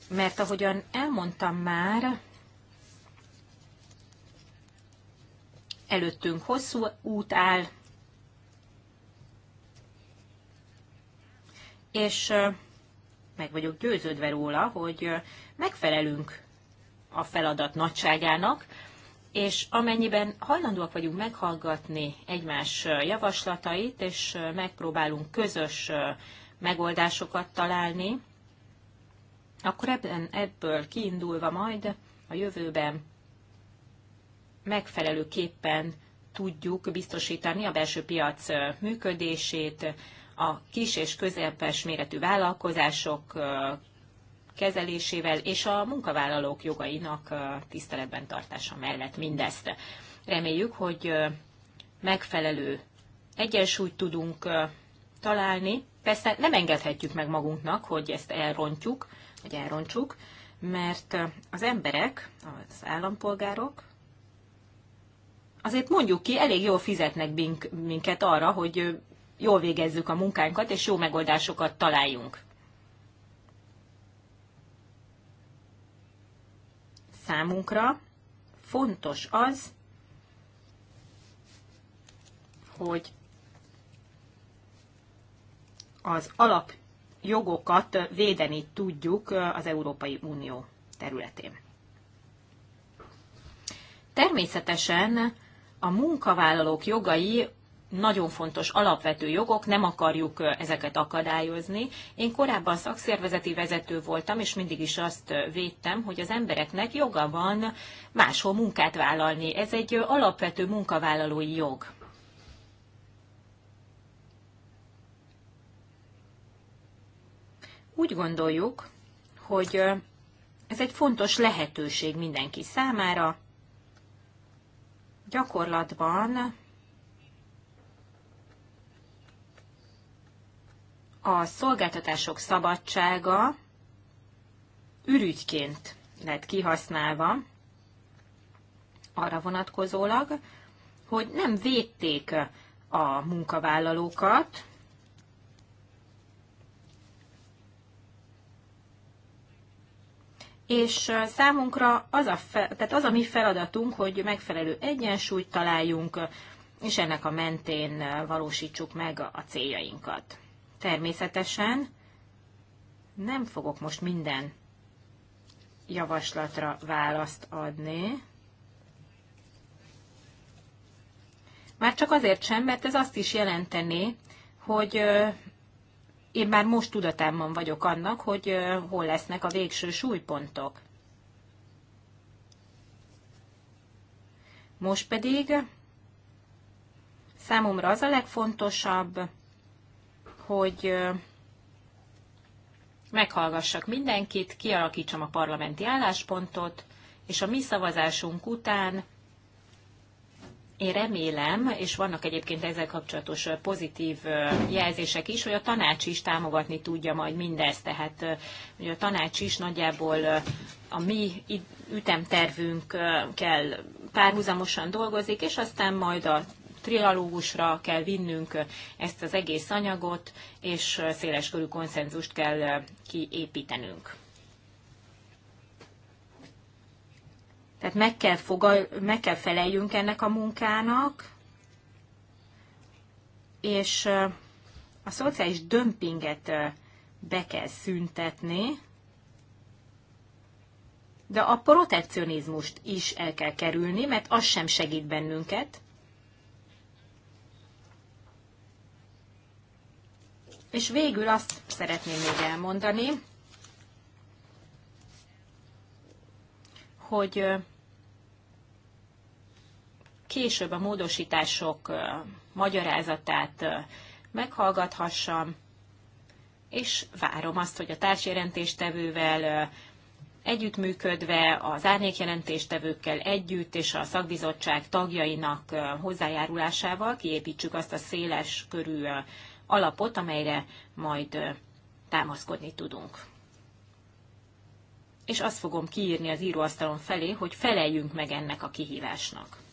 mert ahogyan elmondtam már, Előttünk hosszú út áll, és meg vagyok győződve róla, hogy megfelelünk a feladat nagyságának, és amennyiben hajlandóak vagyunk meghallgatni egymás javaslatait, és megpróbálunk közös megoldásokat találni, akkor ebben, ebből kiindulva majd a jövőben megfelelőképpen tudjuk biztosítani a belső piac működését, a kis és közepes méretű vállalkozások kezelésével és a munkavállalók jogainak tiszteletben tartása mellett mindezt. Reméljük, hogy megfelelő egyensúlyt tudunk találni. Persze nem engedhetjük meg magunknak, hogy ezt elrontjuk, vagy elrontsuk, mert az emberek, az állampolgárok azért mondjuk ki, elég jól fizetnek minket arra, hogy jól végezzük a munkánkat, és jó megoldásokat találjunk. Számunkra fontos az, hogy az alapjogokat védeni tudjuk az Európai Unió területén. Természetesen a munkavállalók jogai nagyon fontos alapvető jogok, nem akarjuk ezeket akadályozni. Én korábban szakszervezeti vezető voltam, és mindig is azt védtem, hogy az embereknek joga van máshol munkát vállalni. Ez egy alapvető munkavállalói jog. Úgy gondoljuk, hogy ez egy fontos lehetőség mindenki számára, gyakorlatban a szolgáltatások szabadsága ürügyként lett kihasználva arra vonatkozólag, hogy nem védték a munkavállalókat, és számunkra az a, fe, tehát az a mi feladatunk, hogy megfelelő egyensúlyt találjunk, és ennek a mentén valósítsuk meg a céljainkat. Természetesen nem fogok most minden javaslatra választ adni. Már csak azért sem, mert ez azt is jelenteni, hogy én már most tudatában vagyok annak, hogy hol lesznek a végső súlypontok. Most pedig számomra az a legfontosabb, hogy meghallgassak mindenkit, kialakítsam a parlamenti álláspontot, és a mi szavazásunk után én remélem, és vannak egyébként ezzel kapcsolatos pozitív jelzések is, hogy a tanács is támogatni tudja majd mindezt. Tehát hogy a tanács is nagyjából a mi ütemtervünkkel párhuzamosan dolgozik, és aztán majd a trialógusra kell vinnünk ezt az egész anyagot, és széleskörű konszenzust kell kiépítenünk. Tehát meg kell, fogal, meg kell feleljünk ennek a munkának, és a szociális dömpinget be kell szüntetni, de a protekcionizmust is el kell kerülni, mert az sem segít bennünket. És végül azt szeretném még elmondani, hogy később a módosítások magyarázatát meghallgathassam, és várom azt, hogy a társjelentéstevővel együttműködve, az árnyékjelentéstevőkkel együtt és a szakbizottság tagjainak hozzájárulásával kiépítsük azt a széles körű alapot, amelyre majd támaszkodni tudunk. És azt fogom kiírni az íróasztalon felé, hogy feleljünk meg ennek a kihívásnak.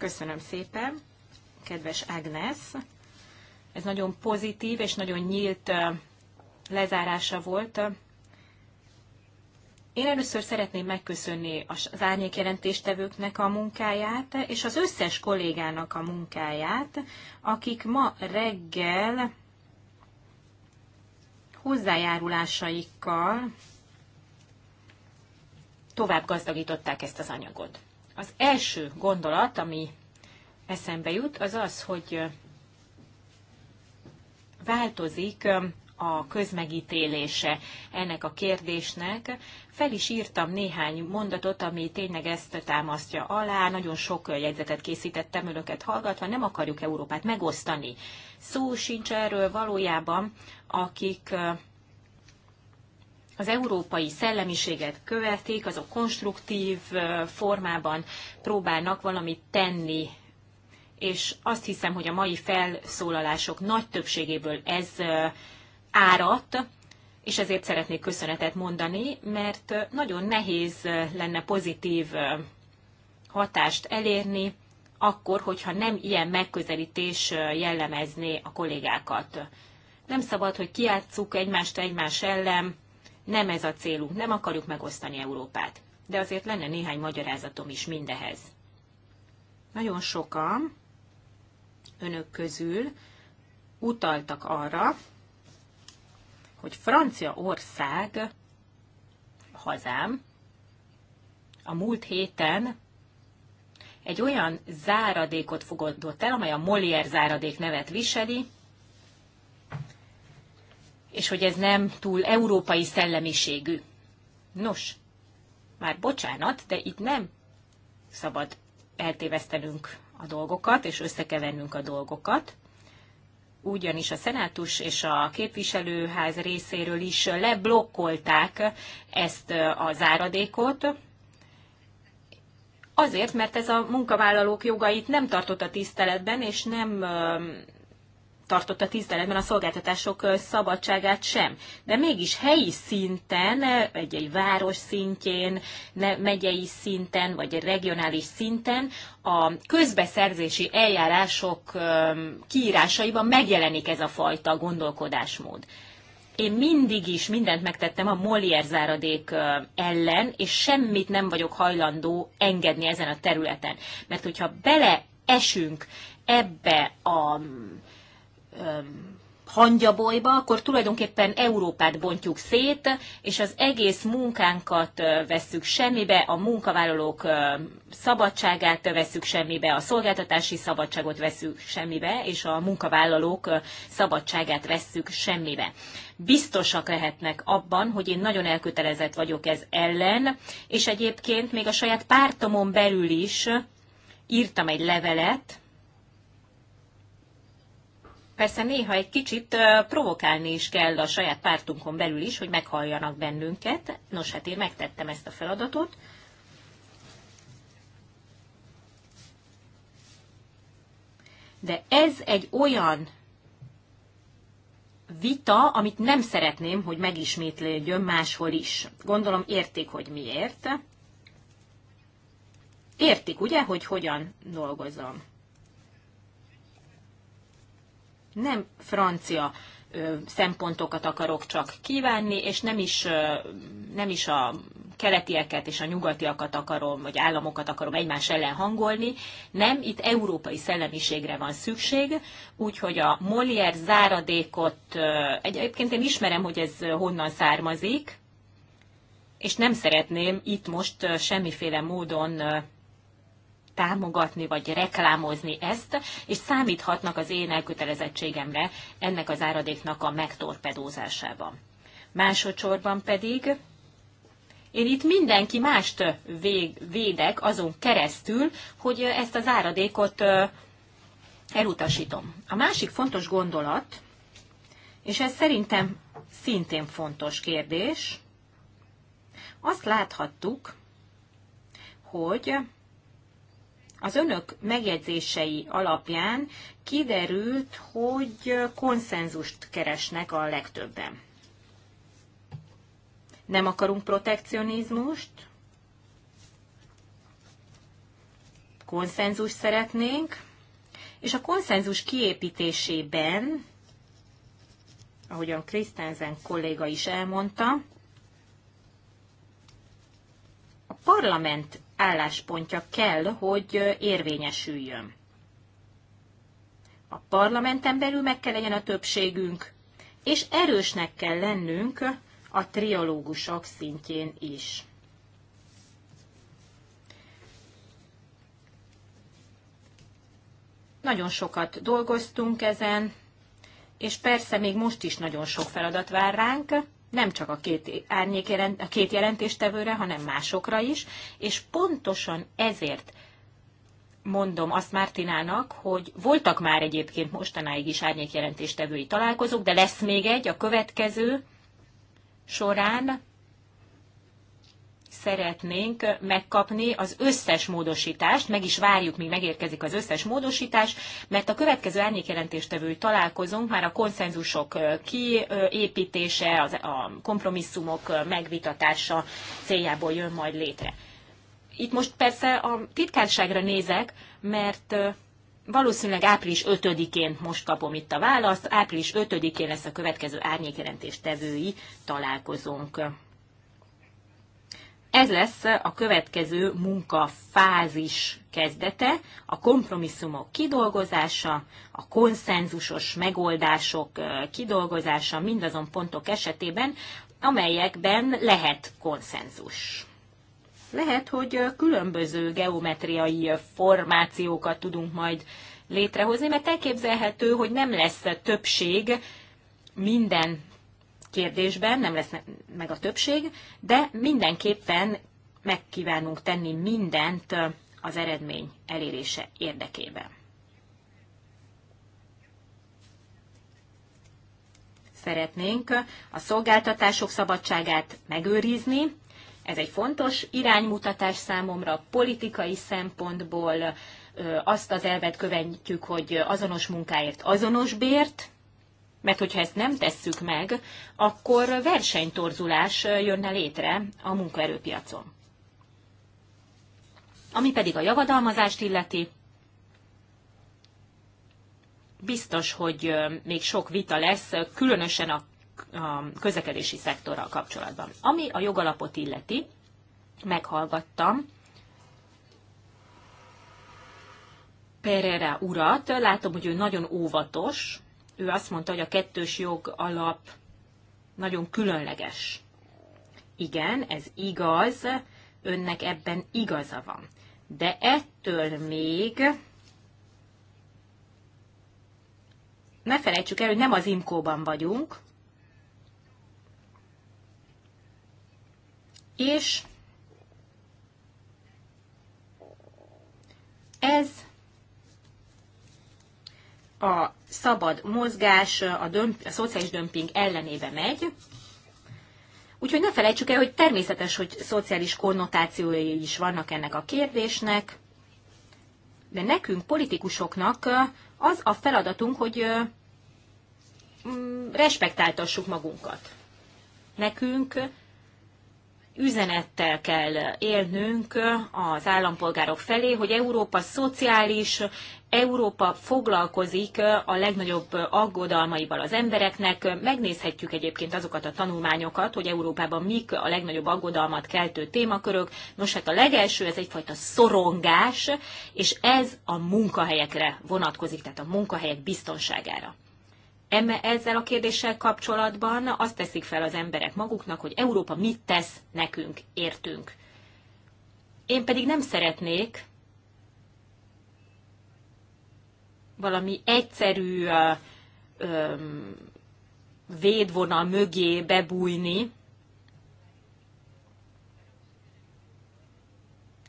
Köszönöm szépen, kedves Agnes. Ez nagyon pozitív és nagyon nyílt lezárása volt. Én először szeretném megköszönni az árnyékjelentéstevőknek a munkáját, és az összes kollégának a munkáját, akik ma reggel hozzájárulásaikkal tovább gazdagították ezt az anyagot. Az első gondolat, ami eszembe jut, az az, hogy változik a közmegítélése ennek a kérdésnek. Fel is írtam néhány mondatot, ami tényleg ezt támasztja alá. Nagyon sok jegyzetet készítettem önöket hallgatva. Nem akarjuk Európát megosztani. Szó sincs erről valójában, akik az európai szellemiséget követik, azok konstruktív formában próbálnak valamit tenni, és azt hiszem, hogy a mai felszólalások nagy többségéből ez árat, és ezért szeretnék köszönetet mondani, mert nagyon nehéz lenne pozitív hatást elérni, akkor, hogyha nem ilyen megközelítés jellemezné a kollégákat. Nem szabad, hogy kiátszuk egymást egymás ellen, nem ez a célunk, nem akarjuk megosztani Európát. De azért lenne néhány magyarázatom is mindehez. Nagyon sokan önök közül utaltak arra, hogy Franciaország, hazám, a múlt héten egy olyan záradékot fogadott el, amely a Molière záradék nevet viseli, és hogy ez nem túl európai szellemiségű. Nos, már bocsánat, de itt nem szabad eltévesztenünk a dolgokat, és összekevennünk a dolgokat. Ugyanis a szenátus és a képviselőház részéről is leblokkolták ezt a záradékot, Azért, mert ez a munkavállalók jogait nem a tiszteletben, és nem tartotta tiszteletben a szolgáltatások szabadságát sem. De mégis helyi szinten, egy, egy város szintjén, megyei szinten, vagy egy regionális szinten a közbeszerzési eljárások kiírásaiban megjelenik ez a fajta gondolkodásmód. Én mindig is mindent megtettem a Molière záradék ellen, és semmit nem vagyok hajlandó engedni ezen a területen. Mert hogyha beleesünk ebbe a hangyabolyba, akkor tulajdonképpen Európát bontjuk szét, és az egész munkánkat vesszük semmibe, a munkavállalók szabadságát vesszük semmibe, a szolgáltatási szabadságot vesszük semmibe, és a munkavállalók szabadságát vesszük semmibe. Biztosak lehetnek abban, hogy én nagyon elkötelezett vagyok ez ellen, és egyébként még a saját pártomon belül is írtam egy levelet, persze néha egy kicsit provokálni is kell a saját pártunkon belül is, hogy meghalljanak bennünket. Nos, hát én megtettem ezt a feladatot. De ez egy olyan vita, amit nem szeretném, hogy megismétlődjön máshol is. Gondolom értik, hogy miért. Értik, ugye, hogy hogyan dolgozom nem francia szempontokat akarok csak kívánni, és nem is, nem is a keletieket és a nyugatiakat akarom, vagy államokat akarom egymás ellen hangolni. Nem, itt európai szellemiségre van szükség, úgyhogy a Molière záradékot, egyébként én ismerem, hogy ez honnan származik, és nem szeretném itt most semmiféle módon támogatni vagy reklámozni ezt, és számíthatnak az én elkötelezettségemre ennek az áradéknak a megtorpedózásában. Másodszorban pedig én itt mindenki mást védek azon keresztül, hogy ezt az áradékot elutasítom. A másik fontos gondolat, és ez szerintem szintén fontos kérdés, azt láthattuk, hogy az önök megjegyzései alapján kiderült, hogy konszenzust keresnek a legtöbben. Nem akarunk protekcionizmust, konszenzus szeretnénk, és a konszenzus kiépítésében, ahogyan Krisztenzen kolléga is elmondta, a parlament álláspontja kell, hogy érvényesüljön. A parlamenten belül meg kell legyen a többségünk, és erősnek kell lennünk a triológusok szintjén is. Nagyon sokat dolgoztunk ezen, és persze még most is nagyon sok feladat vár ránk, nem csak a két, árnyék jelent, a két jelentéstevőre, hanem másokra is, és pontosan ezért mondom azt Mártinának, hogy voltak már egyébként mostanáig is jelentéstevői találkozók, de lesz még egy a következő során, szeretnénk megkapni az összes módosítást, meg is várjuk, míg megérkezik az összes módosítás, mert a következő árnyékjelentéstevő találkozunk, már a konszenzusok kiépítése, a kompromisszumok megvitatása céljából jön majd létre. Itt most persze a titkárságra nézek, mert valószínűleg április 5-én most kapom itt a választ, április 5-én lesz a következő árnyékjelentéstevői találkozónk. Ez lesz a következő munkafázis kezdete, a kompromisszumok kidolgozása, a konszenzusos megoldások kidolgozása mindazon pontok esetében, amelyekben lehet konszenzus. Lehet, hogy különböző geometriai formációkat tudunk majd létrehozni, mert elképzelhető, hogy nem lesz többség minden kérdésben, nem lesz meg a többség, de mindenképpen megkívánunk tenni mindent az eredmény elérése érdekében. Szeretnénk a szolgáltatások szabadságát megőrizni. Ez egy fontos iránymutatás számomra politikai szempontból. Azt az elvet követjük, hogy azonos munkáért azonos bért, mert hogyha ezt nem tesszük meg, akkor versenytorzulás jönne létre a munkaerőpiacon. Ami pedig a javadalmazást illeti, biztos, hogy még sok vita lesz, különösen a közlekedési szektorral kapcsolatban. Ami a jogalapot illeti, meghallgattam Pereira urat, látom, hogy ő nagyon óvatos, ő azt mondta, hogy a kettős jog alap nagyon különleges. Igen, ez igaz, önnek ebben igaza van. De ettől még ne felejtsük el, hogy nem az imkóban vagyunk, és ez a szabad mozgás a, dömp, a szociális dömping ellenébe megy, Úgyhogy ne felejtsük el, hogy természetes, hogy szociális konnotációi is vannak ennek a kérdésnek, de nekünk, politikusoknak az a feladatunk, hogy mm, respektáltassuk magunkat. Nekünk üzenettel kell élnünk az állampolgárok felé, hogy Európa szociális, Európa foglalkozik a legnagyobb aggodalmaival az embereknek. Megnézhetjük egyébként azokat a tanulmányokat, hogy Európában mik a legnagyobb aggodalmat keltő témakörök. Nos, hát a legelső, ez egyfajta szorongás, és ez a munkahelyekre vonatkozik, tehát a munkahelyek biztonságára ezzel a kérdéssel kapcsolatban azt teszik fel az emberek maguknak, hogy Európa mit tesz nekünk, értünk. Én pedig nem szeretnék valami egyszerű ö, védvonal mögé bebújni.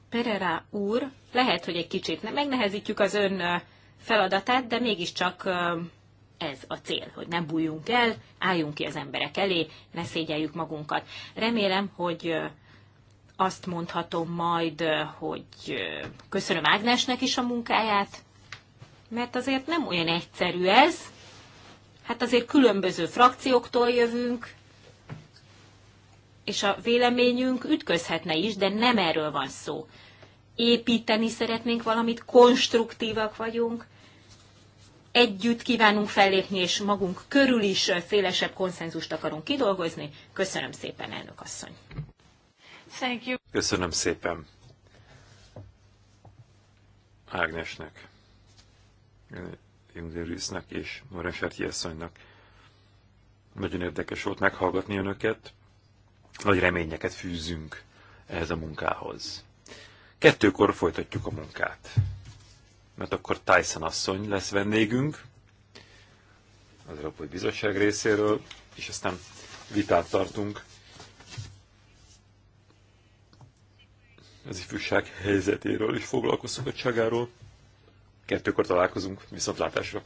Perera úr, lehet, hogy egy kicsit megnehezítjük az ön feladatát, de mégiscsak ez a cél, hogy ne bújjunk el, álljunk ki az emberek elé, ne szégyeljük magunkat. Remélem, hogy azt mondhatom majd, hogy köszönöm Ágnesnek is a munkáját, mert azért nem olyan egyszerű ez. Hát azért különböző frakcióktól jövünk, és a véleményünk ütközhetne is, de nem erről van szó. Építeni szeretnénk valamit, konstruktívak vagyunk, együtt kívánunk fellépni, és magunk körül is szélesebb konszenzust akarunk kidolgozni. Köszönöm szépen, elnök asszony! Thank you. Köszönöm szépen Ágnesnek, Imdőrűsznek és Moresárti asszonynak. Nagyon érdekes volt meghallgatni önöket. Nagy reményeket fűzünk ehhez a munkához. Kettőkor folytatjuk a munkát mert akkor Tyson asszony lesz vendégünk az Európai Bizottság részéről, és aztán vitát tartunk az ifjúság helyzetéről is foglalkozunk a foglalkoztatottságáról. Kettőkor találkozunk, viszontlátásra!